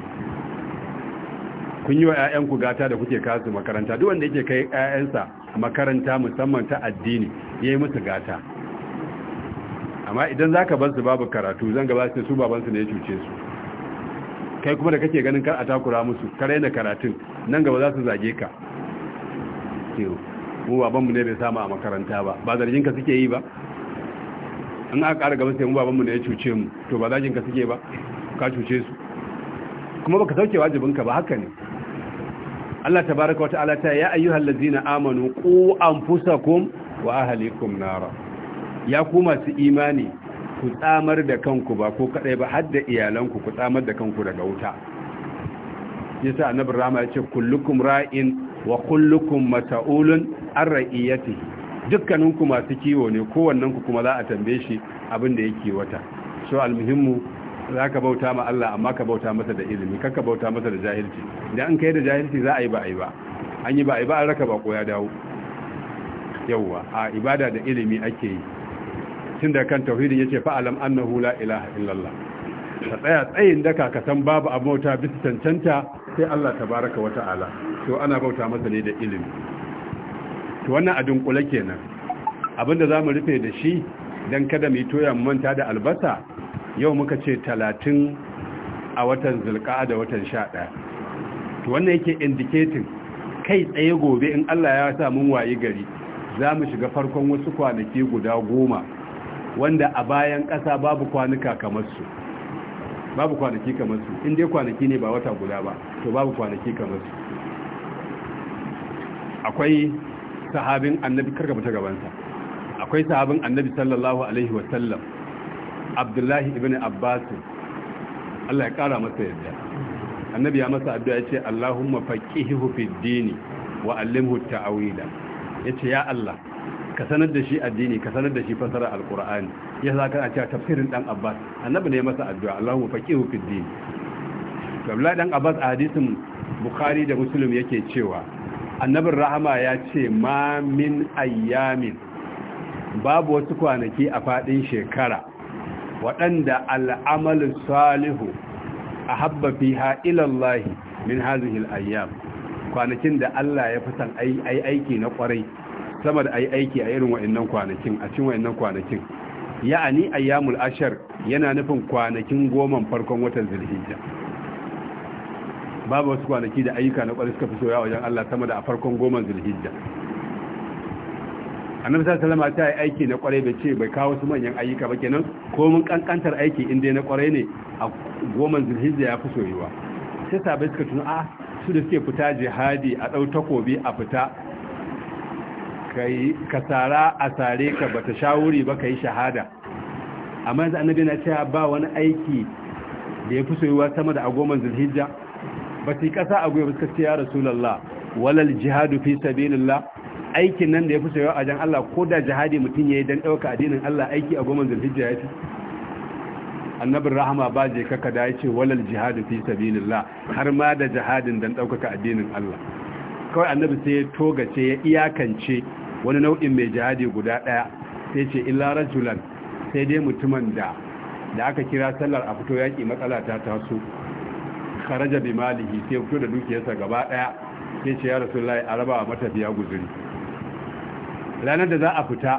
kun yi wa 'ya'yanku gata da kuke kasu makaranta duk wanda yake kai 'ya'yansa makaranta musamman ta addini ya yi musu gata amma idan za ka su babu karatu zan gaba su su ne ya cuce su kai kuma da kake ganin kar a takura musu kare na karatun nan gaba za su zage ka mu babanmu ne bai samu a makaranta ba ba zargin ka suke yi ba an aka ƙara gaba sai mu babanmu da ya cuce mu to ba zajin ka suke ba ka cuce su kuma baka sauke ka ba haka ne Allah tabaraka wa ta'ala ta ya ayyuhal ladzina amanu qu anfusakum wa ahlikum nara ya ku masu imani ku tsamar da kanku ba ko kadai ba har da iyalanku ku tsamar da kanku daga wuta yasa annabi rama ya ce kullukum ra'in wa kullukum mas'ulun an ra'iyatihi dukkaninku masu kiwo ne kowannenku kuma za a tambaye shi abin da yake wata. so almuhimmu za ka bauta ma Allah amma ka bauta masa da ilimi ka bauta masa da jahilci idan an kai da jahilci za a yi ba a yi ba an yi ba a yi ba an raka ba ya dawo yawwa a ibada da ilimi ake yi tun da kan tauhidin yace fa alam annahu la ilaha illallah ka tsaya tsayin daka ka san babu abota bisa cancanta sai Allah tabaraka wa ta'ala to ana bauta masa ne da ilimi to wannan a dunkule kenan abinda za mu rufe da shi don kada mu toya manta da albasa yau muka ce talatin a watan zulka da watan sha ɗaya to wannan yake indiketin kai tsaye gobe in allah ya sa mun wayi gari za mu shiga farkon wasu kwanaki guda goma wanda a bayan ƙasa babu kwanuka kamar su babu kwanaki kamar su inda kwanaki ne ba wata guda ba to babu kwanaki kamar su akwai sahabin annabi karka fita gabansa akwai sahabin annabi sallallahu alaihi wasallam abdullahi ibn abbas Allah ya kara masa yadda annabi ya masa addu'a yace Allahumma faqihihu fi dini wa allimhu ta'wila yace ya Allah ka sanar da shi addini ka sanar da shi fasara alqur'ani ya zaka a cewa tafsirin dan abbas annabi ne masa addu'a Allahumma faqihihu fid dini Abdullahi dan abbas a hadisin bukhari da muslim yake cewa annabin rahama ya ce ma min ayyamin babu wasu kwanaki a fadin shekara waɗanda al'amalin salihu a habba fiha ilallahi min hazihil ayyam kwanakin da Allah ya fi aiki na kwarai sama da aiki a irin wa'in kwanakin a cikin wa'annan kwanakin ya'ani ayyamul ashar yana nufin kwanakin goma farkon watan zulhijja babu wasu kwanaki da ayyuka na ƙwarai suka fi soya wajen Allah sama da a farkon goma zulhijja annabi sallallahu alaihi ta yi aiki na kwarai da ce bai kawo su manyan ayyuka ba kenan ko mun kankantar aiki in dai na kwarai ne a goma zulhijja ya fi soyuwa sai sabai suka tunu a ah, su da suke fita jihadi a dau takobi a fita kai ka tsara a sare ka bata shawuri ba ka yi shahada amma yanzu annabi na cewa ba wani aiki da ya fi soyuwa sama da a goma zulhijja ba yi kasa a gwiwa suka ce ya rasulullah walal jihadu fi sabilillah aikin nan da ya fi sayo a jan Allah ko da jihadi mutum ya yi don ɗauka addinin Allah aiki a goma zulhijja ya fi annabin rahama ba je kaka da ya ce walal jihadu fi sabilillah har ma da jihadin don ɗaukaka addinin Allah kawai annabi sai ya togace ya iyakance wani nau'in mai jihadi guda ɗaya sai ce illa rajulan sai dai mutumin da da aka kira sallar a fito yaƙi matsala ta taso kharaja bi malihi sai fito da dukiyarsa gaba daya sai ce ya rasulullahi a raba matafiya guzuri ranar da za a fita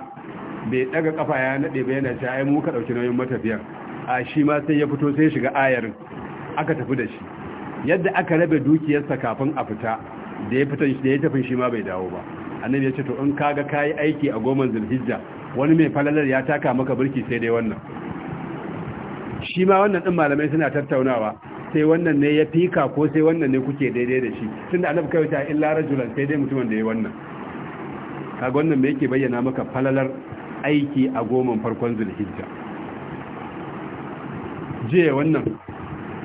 bai daga kafa ya nade ba yana cewa ai mu ka dauki nauyin matafiyan a shi ma sai ya fito sai shiga ayarin aka tafi da shi yadda aka rabe dukiyarsa kafin a fita da ya fita da ya tafi shi ma bai dawo ba annabi ya ce to in kaga kai aiki a goman zulhijja wani mai falalar ya taka maka burki sai dai wannan shi ma wannan din malamai suna tattaunawa sai wannan ne ya fika ko sai wannan ne kuke daidai da shi tunda annabi kai ta illa rajulan sai dai mutumin da ya wannan kaga wannan me yake bayyana maka falalar aiki a goma farkon zulhijja je wannan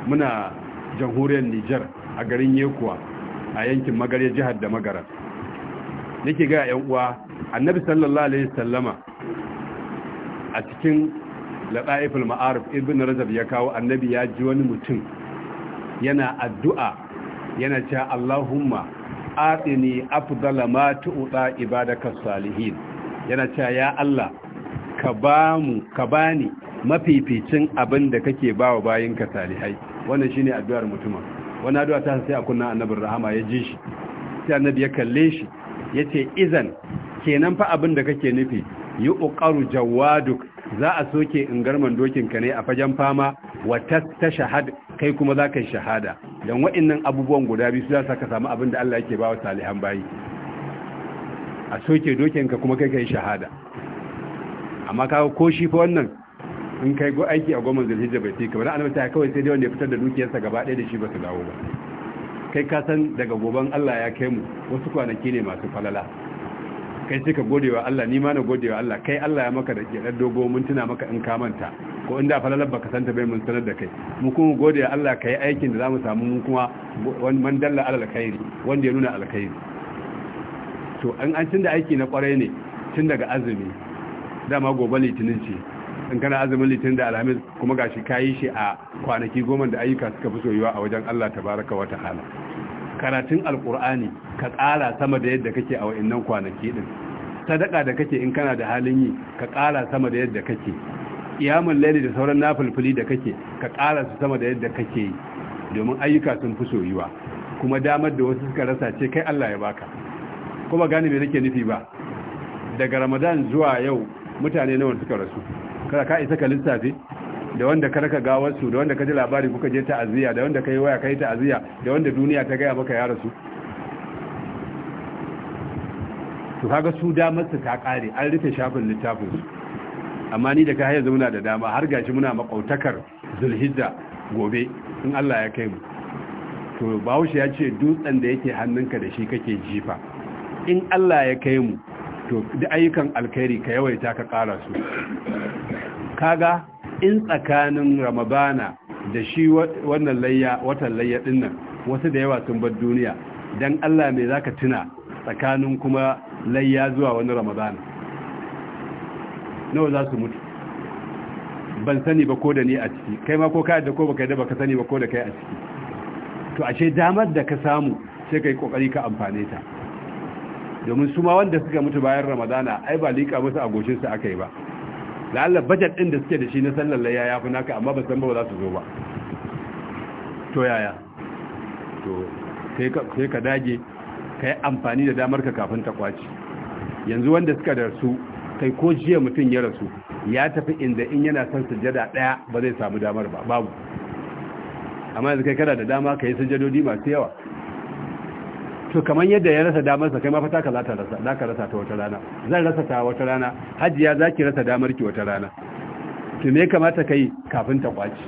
muna jamhuriyar Nijar a garin Yekuwa a yankin Magarya jihar da Magara nake ga yan uwa annabi sallallahu alaihi wasallama a cikin laɗa'iful ma'arif ibn rajab ya kawo annabi ya ji wani mutum yana addu'a yana cewa Allahumma atini afdala ma tu’uɗa ibadakar salihin yana cewa ya Allah ka ba mu ka bani mafificin abin da kake bawa bayinka salihai wannan shi ne addu'ar mutumin. Wani addu'a ta sai a kunna annabin rahama ya ji shi sai annabi ya kalle shi ya ce izan kenan fa abin da kake nufi yi ƙoƙaru jawaduk za a soke in garman dokin ka ne a fajen fama wa shahad kai kuma za ka yi shahada don wa'innan abubuwan guda biyu za su ka samu abin da Allah yake wa salihan bayi a soke dokinka kuma kai ka yi shahada amma kawo ko shi fa wannan in kai go aiki a goma zulhijja bai sai kamar annabi ya kawai sai dai wanda ya fitar da dukiyarsa gaba ɗaya da shi ba su dawo ba kai ka san daga goban Allah ya kai mu wasu kwanaki ne masu falala kai sai ka gode wa Allah ni ma na gode wa Allah kai Allah ya maka da kelar dogo mun tuna maka in ka manta ko inda falalar baka santa bai mun sanar da kai mu kuma gode wa Allah kai aikin da zamu samu mu kuma wani man dalla wanda ya nuna alkhairi to an an tunda aiki na kwarai ne tun daga azumi dama gobe litinin ce in kana azumin litinin da alhamis kuma gashi kayi shi a kwanaki goma da ayyuka suka fi soyuwa a wajen Allah tabaraka wa ta'ala karatun alkur'ani ka ƙara sama da yadda kake a wa'annan kwanaki din sadaka da kake in kana da halin yi ka ƙara sama da yadda kake iyamun laili da sauran nafulfuli da kake ka ƙara su sama da yadda kake yi domin ayyuka sun fi soyuwa kuma damar da wasu suka rasa ce kai Allah ya baka kuma gane me nake nufi ba daga ramadan zuwa yau mutane nawa suka rasu kada ka isa ka lissafi da wanda ka raka gawarsu da wanda ka ji labari kuka je aziya da wanda ka yi waya ka yi aziya da wanda duniya ta gaya maka ya rasu to kaga su damar su ta kare an rufe shafin littafin su amma ni da ka haya zauna da dama har gashi muna makautakar zulhijja gobe in Allah ya kai mu to bahaushe ya ce dutsen da yake hannunka da shi kake jifa in Allah ya kai mu to da ayyukan alkhairi ka yawaita ka ƙara su kaga in tsakanin ramadana da shi wannan layya watan layya nan wasu da yawa sun bar duniya dan Allah me zaka tuna tsakanin kuma layya zuwa wani ramadana nawa za su mutu ban sani ba ko da ni a ciki kai ma ko ka da ko baka da baka sani ba ko da kai a ciki to ashe damar da ka samu sai kai kokari ka amfane ta domin su ma wanda suka mutu bayan ramadana ai ba liƙa musu a goshinsu aka yi ba la'alla budget ɗin da suke da shi na sallar layya ya fi naka amma ba san ba za su zo ba to yaya to sai ka dage ka yi amfani da damar ka kafin ta kwaci yanzu wanda suka da su kai ko jiya mutum ya rasu ya tafi inda in yana son sujada daya ba zai samu damar ba babu amma yanzu kai kana da dama ka yi sujadodi masu yawa to kamar yadda ya rasa damar sa kai ma fata ka za ta rasa za ka rasa ta wata rana zan rasa ta wata rana hajiya za ki rasa damar ki wata rana to me kamata kai kafin ta kwaci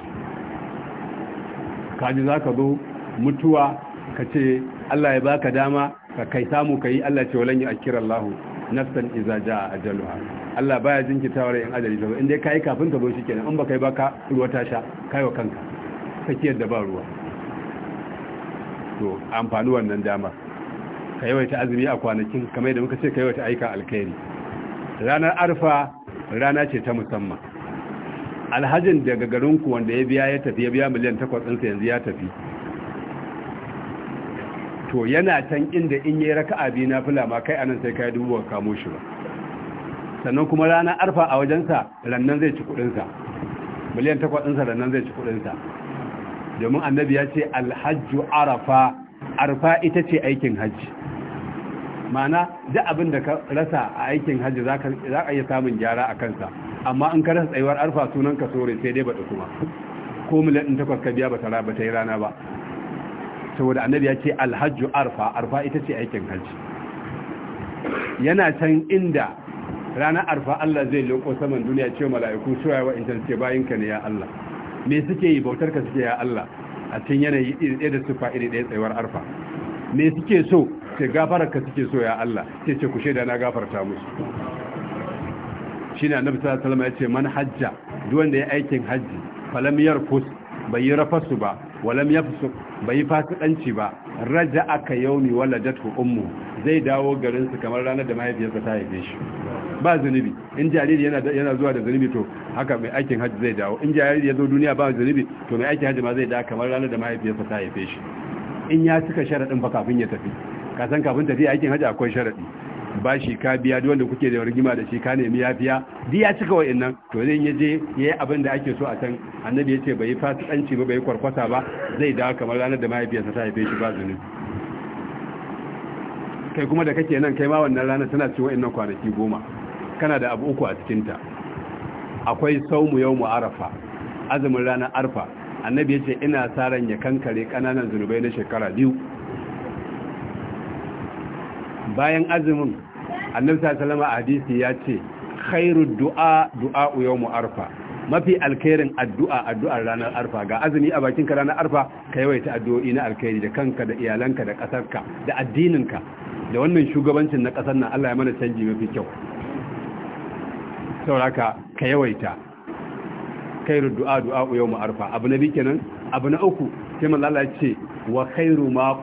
kaji za ka zo mutuwa ka ce Allah ya baka dama ka kai samu kai Allah ce walan ya akira Allah nafsan iza jaa ajaluha Allah baya jinkitawar in ajali to in dai kai kafin ka zo shikenan in baka yi ba ka ruwa ta sha kai wa kanka sakiyar da ba ruwa to amfani wannan damar ka yawaita azumi a kwanakin kamar yadda muka ce ka yawaita aika alkhairi ranar arfa rana ce ta musamman alhajin daga garinku wanda ya biya ya tafi ya biya miliyan takwas ɗinsa yanzu ya tafi to yana can inda in yi raka'a biyu na fula ma kai anan sai kai dubu ba kamo shi ba sannan kuma ranar arfa a wajensa rannan zai ci kuɗinsa miliyan takwas ɗinsa rannan zai ci kuɗinsa domin annabi ya ce alhajju arafa arfa ita ce aikin hajji mana duk abin da ka rasa a aikin hajji za ka iya samun gyara a kansa amma in ka rasa tsayuwar arfa sunan ka sore sai dai baɗi kuma ko miliyan takwas ka biya ba ta raba ta yi rana ba saboda annabi ya ce alhajju arfa arfa ita ce aikin hajji yana can inda ranar arfa Allah zai loko saman duniya ce mala'iku cewa wa'incan ce ka ne ya Allah me suke yi bautar ka suke ya Allah a cikin yanayi iri ɗaya da sufa iri ɗaya tsayuwar arfa me suke so ke gafara ka suke so ya Allah sai ce ku shaida na gafarta musu shine annabi sallallahu alaihi wasallam ya ce man hajja duk wanda ya aikin hajji falam yarfus bai yi rafasu ba walam yafsu bai yi fasikanci ba raja aka yaumi waladatu ummu zai dawo garin su kamar ranar da mahaifiyarsa ta haife shi ba zunubi in jariri yana zuwa da zunubi to haka mai aikin hajji zai dawo in jariri ya zo duniya ba zunubi to mai aikin hajji ma zai dawo kamar ranar da mahaifiyarsa ta haife shi in ya cika sharaɗin ba kafin ya tafi ka san kafin tafi aikin hajji akwai sharaɗi. ba shi ka biya duk wanda kuke da rigima da shi ka nemi yafiya duk ya cika wa'annan to zai ya je yayi abin da ake so a can annabi ya ce bai yi fasikanci ba bai yi kwarkwasa ba zai dawo kamar ranar da mahaifiyarsa ta haife shi ba zunubi kai kuma da kake nan kai ma wannan rana tana ci wa'annan kwanaki goma kana da abu uku a cikinta akwai saumu yau mu arafa azumin ranar arfa annabi ya ce ina tsaron ya kankare kananan zunubai na shekara biyu bayan azumin annabi salama a hadisi ya ce khairu du'a du'a yau arfa mafi alkhairin addu'a addu'ar ranar arfa ga azumi a bakinka ranar arfa ka yawaita addu'o'i na alkhairi da kanka da iyalanka da kasarka da addininka da wannan shugabancin na ƙasar nan Allah ya mana canji mafi kyau sauraka ka yawaita Kairu, du'a du'a yau maarfa arfa abu na kenan abu na uku sai manzo ce wa khairu ma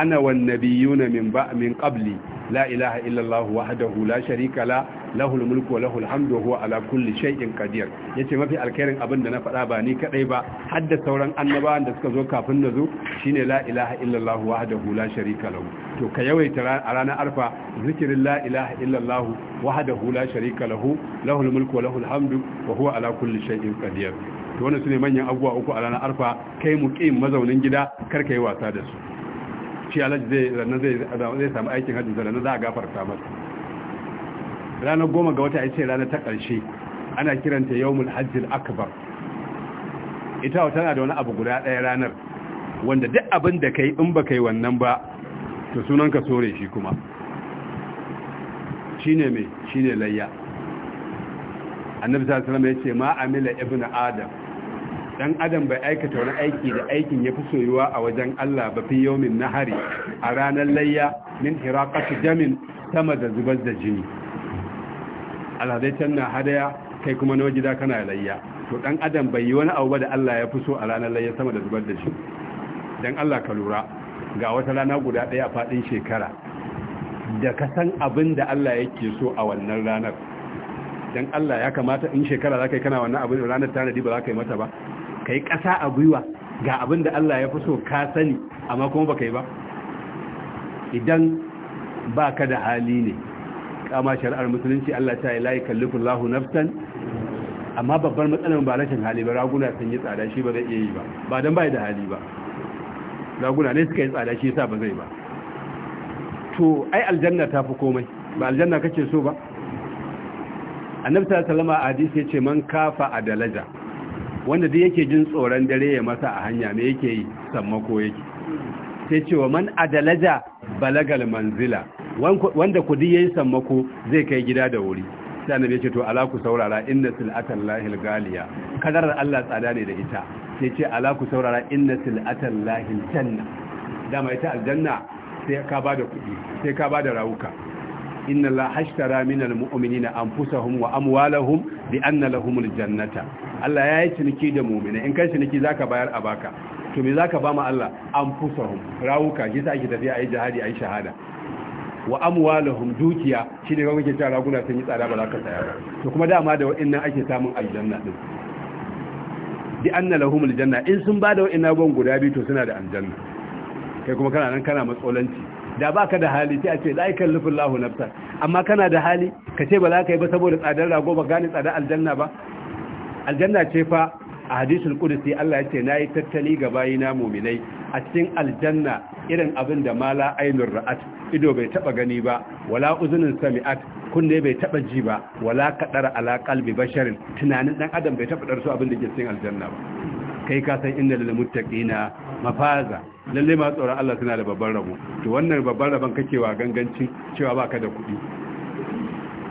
ana wan nabiyuna min ba min qabli la ilaha la sharika la lahul mulku wa lahul hamdu wa huwa ala kulli shay'in qadir yace mafi alkhairin abin da na faɗa ba ni kadai ba hadda sauran annabawan da suka zo kafin na zo shine la ilaha illa Allah wahdahu la sharika lahu to ka yawaita a ranar arfa zikirin la ilaha illallah wahdahu la sharika lahu lahul mulku wa lahul hamdu wa huwa ala kulli shay'in qadir to wannan sune manyan abubuwa uku a ranar arfa kai muqim mazaunin gida kar ka yi wasa da su shi alaji zai ranar zai samu aikin hajji da ranar za a gafarta masa ranar goma ga wata ce ranar ta ƙarshe ana kiranta yawmul hajjil akbar ita tana da wani abu guda ɗaya ranar wanda duk abin da kai in ba kai wannan ba to sunan ka sore shi kuma shine mai shine layya annabi sallallahu alaihi wasallam ce ma amila ibnu adam dan adam bai aikata wani aiki da aikin ya fi soyuwa a wajen Allah ba fi yaumin nahari a ranar layya min hiraqati damin sama da zubar da jini alhadaitan na hadaya kai kuma na gida kana layya to dan adam bai yi wani abu da Allah ya fi so a ranar layya sama da zubar da jini dan Allah ka lura ga wata rana guda ɗaya a faɗin shekara da ka san abin da Allah yake so a wannan ranar don Allah ya kamata in shekara za ka yi kana wannan abin ranar tanadi ba za ka yi mata ba ka yi ƙasa a gwiwa ga abin da Allah ya fi so ka sani amma kuma ba ka yi ba idan ba ka da hali ne kama shari'ar musulunci Allah ta yi layi kallifin lahu naftan amma babbar matsalar ba rashin hali ba raguna sun yi tsada shi ba zai iya yi ba ba don ba da hali ba laguna ne suka yi tsada shi yasa ba zai ba to ai aljanna ta fi komai ba aljanna kace so ba annabi sallallahu alaihi hadisi yace man kafa adalaja wanda duk yake jin tsoron dare ya masa a hanya me yake yi sammako yake sai cewa man adalaja balagal manzila wanda kudi yayi sammako zai kai gida da wuri sai annabi yace to ala ku saurara inna silatallahi algaliya kadar Allah tsada ne da ita sai ce ala ku saurara inna sil'atan lahil janna dama ita aljanna sai ka ba da kuɗi sai ka ba da rawuka inna la hashtara minal mu'minina anfusahum wa amwalahum bi anna lahumul jannata Allah ya yi ciniki da mu'mina in kai ciniki zaka bayar a baka to me zaka ba mu Allah anfusahum rawuka shi sa ake tafiya ayi jihadi ayi shahada wa amwalahum dukiya shi ne kawai ke cewa raguna sun yi tsada ba za ka saya ba to kuma dama da wa'annan ake samun aljanna din bi anna lahum aljanna in sun bada wa'ina gon guda biyu to suna da aljanna kai kuma kana nan kana matsolanci da baka da hali sai a ce la yakallifu Allahu nafsa amma kana da hali ka ce ba za ka yi ba saboda tsadar rago ba gane tsadar aljanna ba aljanna ce fa a hadisul qudsi Allah ya ce nayi tattali ga bayina mu'minai a cikin aljanna irin abin da mala ainur ra'at ido bai taba gani ba wala uzunin sami'at kunne bai taba ji ba wala kadar ala qalbi basharin tunanin dan adam bai taba darso abin da ke cikin aljanna ba kai ka san innal lil muttaqina mafaza lalle ma tsoron Allah suna da babban rabo to wannan babban rabon kake wa gangancin cewa baka da kuɗi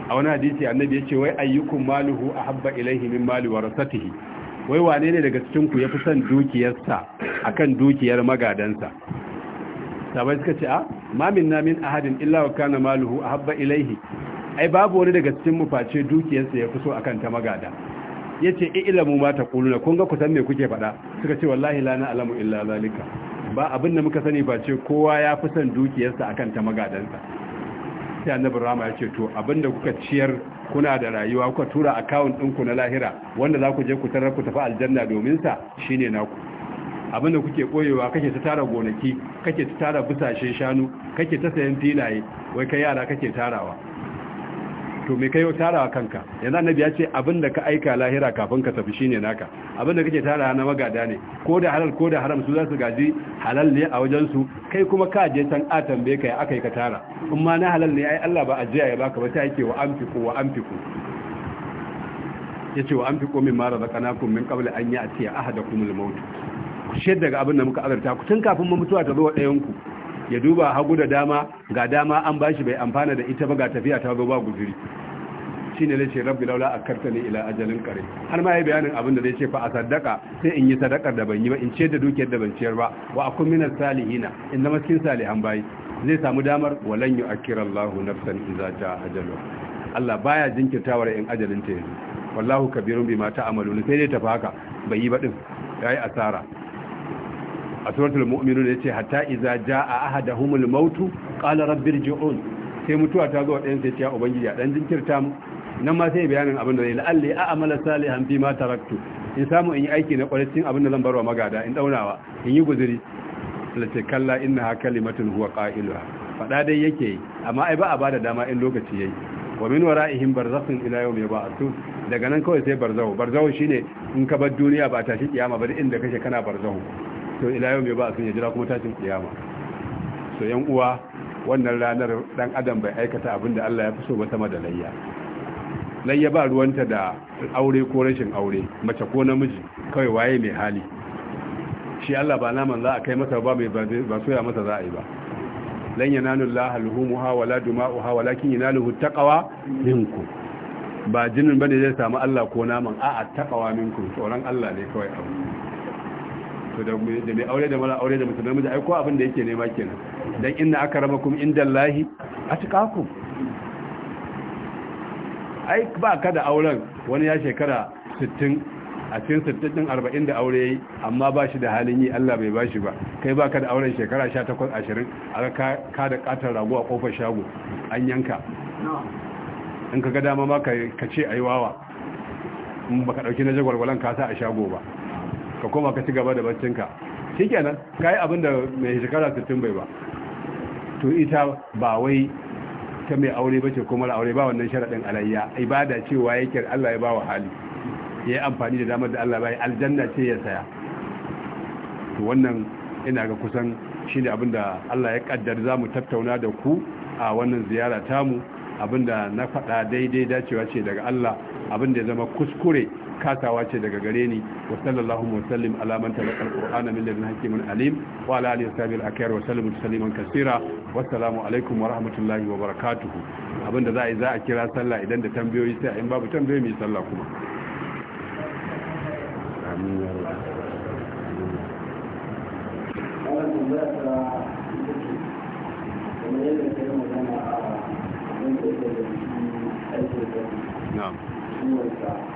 a wani hadisi annabi yace wai ayyukum maluhu ahabba ilayhi min mali warasatihi wai wane ne daga cikin ku yafi son dukiyarsa akan dukiyar magadansa sabai suka ce ah, a mamin na ahadin illa wa kana maluhu a habba ilaihi ai babu wani daga cikin mu face dukiyarsa ya fi so akan ta magada Ya yace i ilamu ma ta kun ga ku san me kuke faɗa suka ce wallahi la na'lamu illa zalika ba abin da muka sani face kowa ya fi son dukiyarsa akan ta magadansa sai annabi rama ya ce to abin da kuka ciyar kuna da rayuwa kuka tura account ɗinku na lahira wanda za ku je ku tarar ku tafi aljanna domin sa shine naku abinda kuke koyewa kake ta tara gonaki kake ta tara busashen shanu kake ta sayan filaye wai kai yara kake tarawa to me kai tarawa kanka yanzu annabi ya ce abinda ka aika lahira kafin ka tafi shine naka abinda kake tarawa na magada ne ko da halal ko da haram su za su gaji halal ne a wajen su kai kuma ka je san a tambaye kai akai ka tara in ma na halal ne ai Allah ba ajiya ya baka ba sai yake wa amfiku wa amfiku yace wa amfiku min ma razaqnakum min qabli an ya'tiya ahadakumul maut ku shaid daga abin da muka azarta ku tun kafin mutuwa ta zo wa ɗayanku ya duba hagu da dama ga dama an bashi bai amfana da ita ba ga tafiya ta zo ba guzuri shine ne ce rabbi laula akarta ne ila ajalin kare har ma yi bayanin abin da zai ce fa a sadaka sai in yi sadakar da ban yi ba in ce da dukiyar da ban ciyar ba wa akun minas salihina in zama cikin salihan bayi zai samu damar walan akira Allahu nafsan idza ta ajalu Allah baya jinkirtawa in ajalin ta yanzu wallahu kabirun bima ta'malun sai dai tafi haka bai yi ba din yayi asara a suratul mu'minun yace hatta idza jaa ahaduhumul mautu qala rabbirji'un sai mutuwa ta zo ɗayan sai ya ubangiji a dan jinkirta mu nan ma sai bayanin abin da zai la'alli a amala salihan fi ma taraktu in samu in yi aiki na kwalitin abin da zan barwa magada in daunawa in yi guzuri lace kalla inna ha kalimatun huwa qailuha fada dai yake yi amma ai ba a bada dama in lokaci yayi wa min wara'ihim barzakhun ila yawmi ba'thu daga nan kawai sai barzahu barzahu shine in ka bar duniya ba ta shi kiyama ba inda kake kana barzahu to ila yau mai ba sun yajira jira kuma tashin kiyama so yan uwa wannan ranar dan adam bai aikata abin da Allah ya fi so ba sama da layya layya ba ruwanta da aure ko rashin aure mace ko namiji kawai waye mai hali shi Allah ba naman za a kai masa ba mai ba soya masa za a yi ba lan yanalu Allah ha wala ha walakin yanalu taqwa minku ba jinin bane zai samu Allah ko naman a'a taqwa minku tsoron Allah ne kawai abu to da mai aure da mara aure da mutum namiji ai ko abin da yake nema kenan dan inna akramakum indallahi atqakum ai ba ka da auren wani ya shekara 60 a cikin 60 din 40 da aure yi, amma ba shi da halin yi Allah bai bashi ba kai ba ka da auren shekara 18 20 a ka da katar rago a kofar shago an yanka in ka ga dama ma ka ce yi wawa in ka dauki na jagwalgwalan ka sa a shago ba ka koma ka ci gaba da baccinka shikenan ka yi abin da mai shekara 60 bai ba to ita ba wai ta mai aure ba ce kuma aure ba wannan sharaɗin alayya ibada cewa yake Allah ya ba wa hali ya yi amfani da damar da Allah bai aljanna ce ya saya to wannan ina ga kusan shi ne da Allah ya kaddar za mu tattauna da ku a wannan ziyara tamu abinda na faɗa daidai dacewa ce daga Allah abinda ya zama kuskure kasawa ce daga gare ni wa sallallahu wa sallim ala man talaqa alqur'ana min ladun hakimin alim wa ala alihi sabil akhir wa sallimu tasliman kaseera wa assalamu alaikum wa rahmatullahi wa barakatuh abinda za a yi za a kira sallah idan da tambayoyi sai in babu tambayoyi mai sallah kuma amin ya rabbal alamin na'am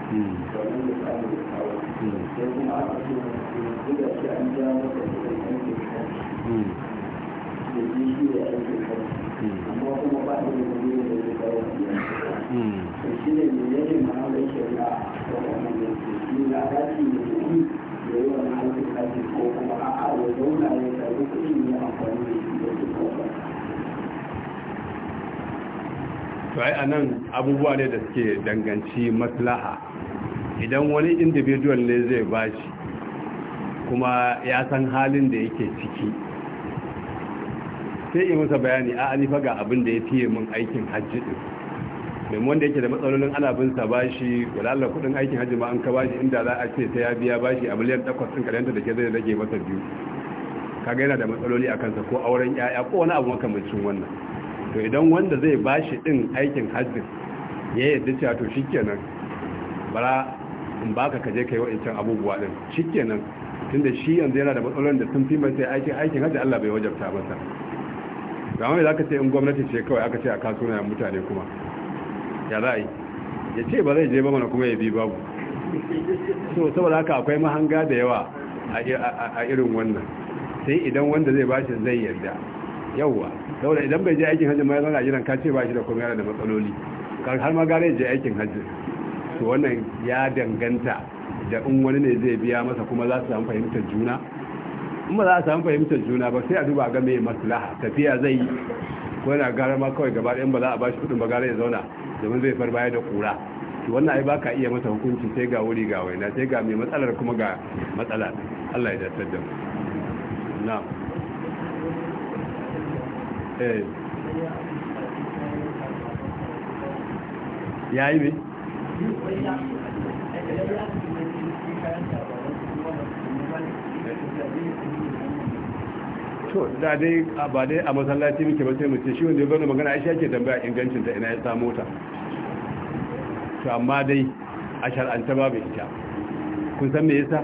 ko kuma a'a ya zauna ya karbi kuɗin ya amfani da to ai anan abubuwa ne da suke danganci maslaha idan wani individual ne zai bashi kuma ya san halin da yake ciki sai yi masa bayani a alifa ga abin da ya fiye min aikin hajji din mai wanda yake da matsalolin ana bin sa bashi walala kudin aikin hajji ma an ka bashi inda za a ce sai ya biya bashi a miliyan takwas ɗin karyanta da ke zai rage masa biyu kaga yana da matsaloli a kansa ko auren 'ya'ya ko wani abu makamancin wannan to idan wanda zai ba shi din aikin hajjin ya yadda cewa to shikenan bara in baka ka je kai wa'ancan abubuwa din tun tunda shi yanzu yana da matsalolin da sun fi mai sai aikin aikin hajji Allah bai wajabta masa ga wani ka ce in gwamnati ce kawai aka ce a kasuwa ya mutane kuma ya ra'ayi ya ce ba zai je ba mana kuma ya bi babu so saboda haka akwai mahanga da yawa a irin wannan sai idan wanda zai bashi zai yarda yawwa saboda idan bai je aikin hajji ma ya zauna jiran kace ce ba shi da komai yana da matsaloli kan har ma gare je aikin hajji to wannan ya danganta da in wani ne zai biya masa kuma za su samu fahimtar juna in ba za su samu fahimtar juna ba sai a duba ga mai maslaha tafiya zai yi ko yana gara ma kawai gaba ɗaya ba za a ba shi kuɗin ba gare ya zauna domin zai far baya da kura to wannan ai baka iya masa hukunci sai ga wuri ga waina sai ga mai matsalar kuma ga matsala Allah ya dace da mu na'am Eh. ya yi ne to da dai ba dai a masallaci muke ba sai mu ce shi wanda ya zo da magana aisha ke tambaya ingancin ta ina ya samu ta to amma dai a shar'anta babu ita kun san me yasa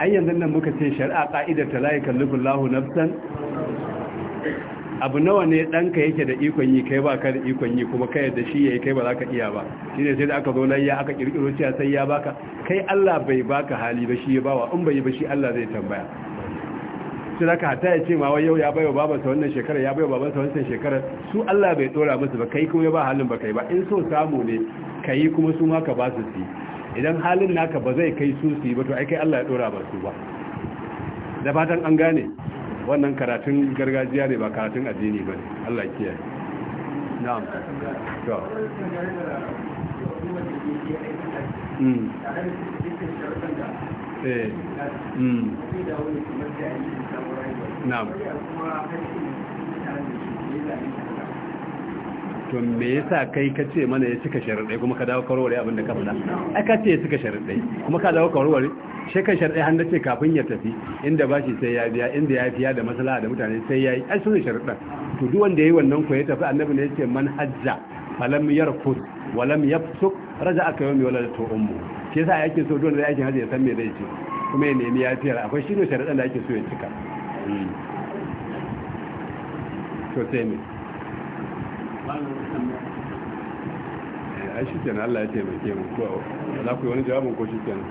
An yanzu nan muka ce shari'a ka'idar ta la yakallifu Allahu nafsan abu nawa ne ɗanka yake da ikon yi kai ba ka da ikon yi kuma kai da shi ya yi kai ba za ka iya ba shi ne sai da aka zo ya aka ƙirƙiro cewa sai ya baka kai Allah bai baka hali ba shi ya bawa in bai yi ba shi Allah zai tambaya shi da ka hata ya ce ma wai yau ya bai wa babansa wannan shekarar ya bai wa babansa wannan shekarar su Allah bai dora musu ba kai kuma ya ba halin ba kai ba in so samu ne kai kuma su ma ka ba su su idan halin naka ba zai kai su su yi ba to ai kai Allah ya dora ba su ba da fatan an gane wannan karatun gargajiya ne ba karatun addini ba ne allah kiyaye na'am to hmm. Eh. Hmm. na'am to me yasa kai ka ce mana ya cika sharuɗai kuma ka dawo kawarware abin da ka faɗa ai ka ce ya cika sharuɗai kuma ka dawo kawarware shekan sharɗai hannu ce kafin ya tafi inda ba shi sai ya biya inda ya fiya da masala da mutane sai ya yi ai sun sharɗan to duk wanda yayi wannan ko ya tafi annabi ne yace man hajja falam yarfut walam yafsuk raja aka yawmi wala to ummu ke sa yake so dole da yake hajji ya san me zai ce kuma ya nemi ya yafiyar akwai shi ne sharaɗan da ake so ya cika hmm. to sai me eh, ai shi kenan Allah ya taimake mu ko za ku yi wani jawabin ko shi kenan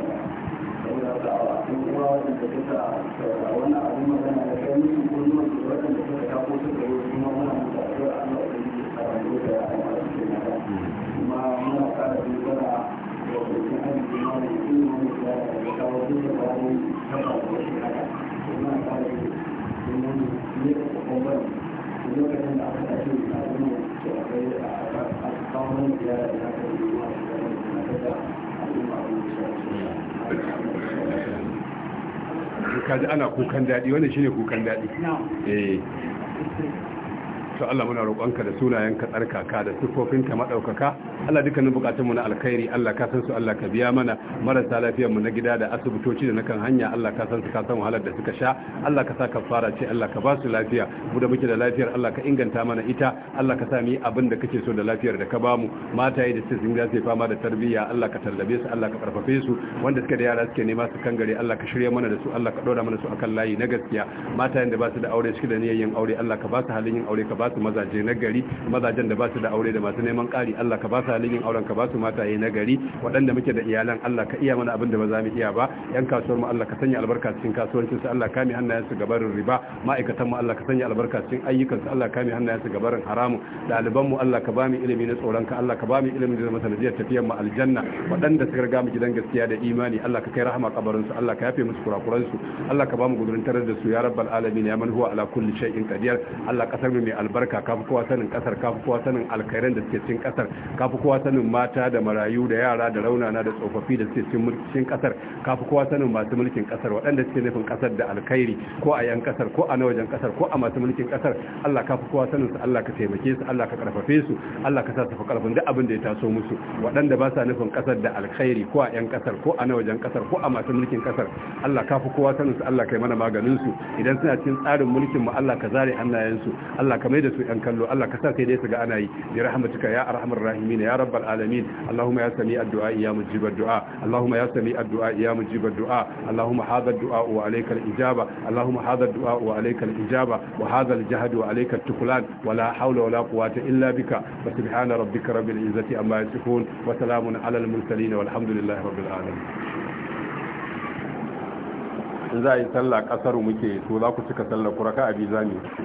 saboda da'awa ko kuma wadanda suka wannan abin magana da kai musu ko nuna su wadanda suka da da da da da da da da da da da a kawo wani da da da kaji ana kukan daɗi wani ne kukan daɗi eh to Allah muna roƙonka da sunayenka tsarkaka da sifofinka madaukaka Allah dukkanin bukatunmu na alkhairi Allah ka san su Allah ka biya mana marasa lafiyarmu na gida da asibitoci da na kan hanya Allah ka san su ka san wahalar da suka sha Allah ka sa ka fara ce Allah ka ba su lafiya mu da muke da lafiyar Allah ka inganta mana ita Allah ka sa mu yi abin da kake so da lafiyar da ka ba mu mataye da suke zinga sai fama da tarbiyya Allah ka tallabe su Allah ka karfafe su wanda suka da yara suke nema su gare Allah ka shirye mana da su Allah ka dora mana su akan layi na gaskiya matayen da ba su da aure suke da niyyar yin aure Allah ka ba su halin yin aure ka ba su mazaje na gari mazajen da ba su da aure da masu neman ƙari Allah ka ba su halin yin auren ka ba su mataye na gari waɗanda muke da iyalan Allah ka iya mana abin da ba za mu iya ba yan kasuwar mu Allah ka sanya albarka cikin kasuwancin su Allah ka mi hannayen su gabarin riba ma'aikatan mu Allah ka sanya albarka cikin ayyukan su Allah ka mi hannayen su gabarin haramu ɗaliban mu Allah ka ba mu ilimi na tsoron ka Allah ka ba mu ilimin da masanadiyar tafiyar mu aljanna waɗanda suka riga mu gidan gaskiya da imani Allah ka kai rahama kabarin su Allah ka yafe musu kurakuran su Allah ka ba mu gudurin tarar da su ya rabbal alamin ya man huwa ala kulli shay'in qadir Allah ka sanya mu mai albarka kafi kowa sanin kasar kafi kowa sanin alkairan da suke cin kasar kafi kowa sanin mata da marayu da yara da raunana da tsofaffi da suke cin mulkin kasar kafi kowa sanin masu mulkin kasar waɗanda suke nufin kasar da alkhairi ko a yan kasar ko a na wajen kasar ko a masu mulkin kasar Allah kafi kowa sanin su Allah ka taimake su Allah ka karfafe su Allah ka sa su karfin duk abin da ya taso musu waɗanda ba sa nufin kasar da alkhairi ko a yan kasar ko a na wajen kasar ko a masu mulkin kasar Allah kafi kowa sanin su Allah kai mana maganin su idan suna cikin tsarin mulkin mu Allah ka zare hannayen su Allah ka mai da su yan kallo Allah ka sa kai dai su ga ana yi bi rahmatuka ya arhamar rahimin ya rabbal alamin Allahumma ya sami addu'a ya mujiba du'a Allahumma ya sami addu'a ya mujiba du'a Allahumma hadha du'a wa alayka al-ijaba Allahumma hadha du'a wa alayka al-ijaba wa hadha al-jahd wa alayka at-tuklan wa la hawla wa la quwwata illa bika subhana rabbika rabbil izzati amma yasifun wa salamun ala al-mursalin walhamdulillahi rabbil alamin in za a yi sallah kasar muke to za ku cika sallah ka a bizani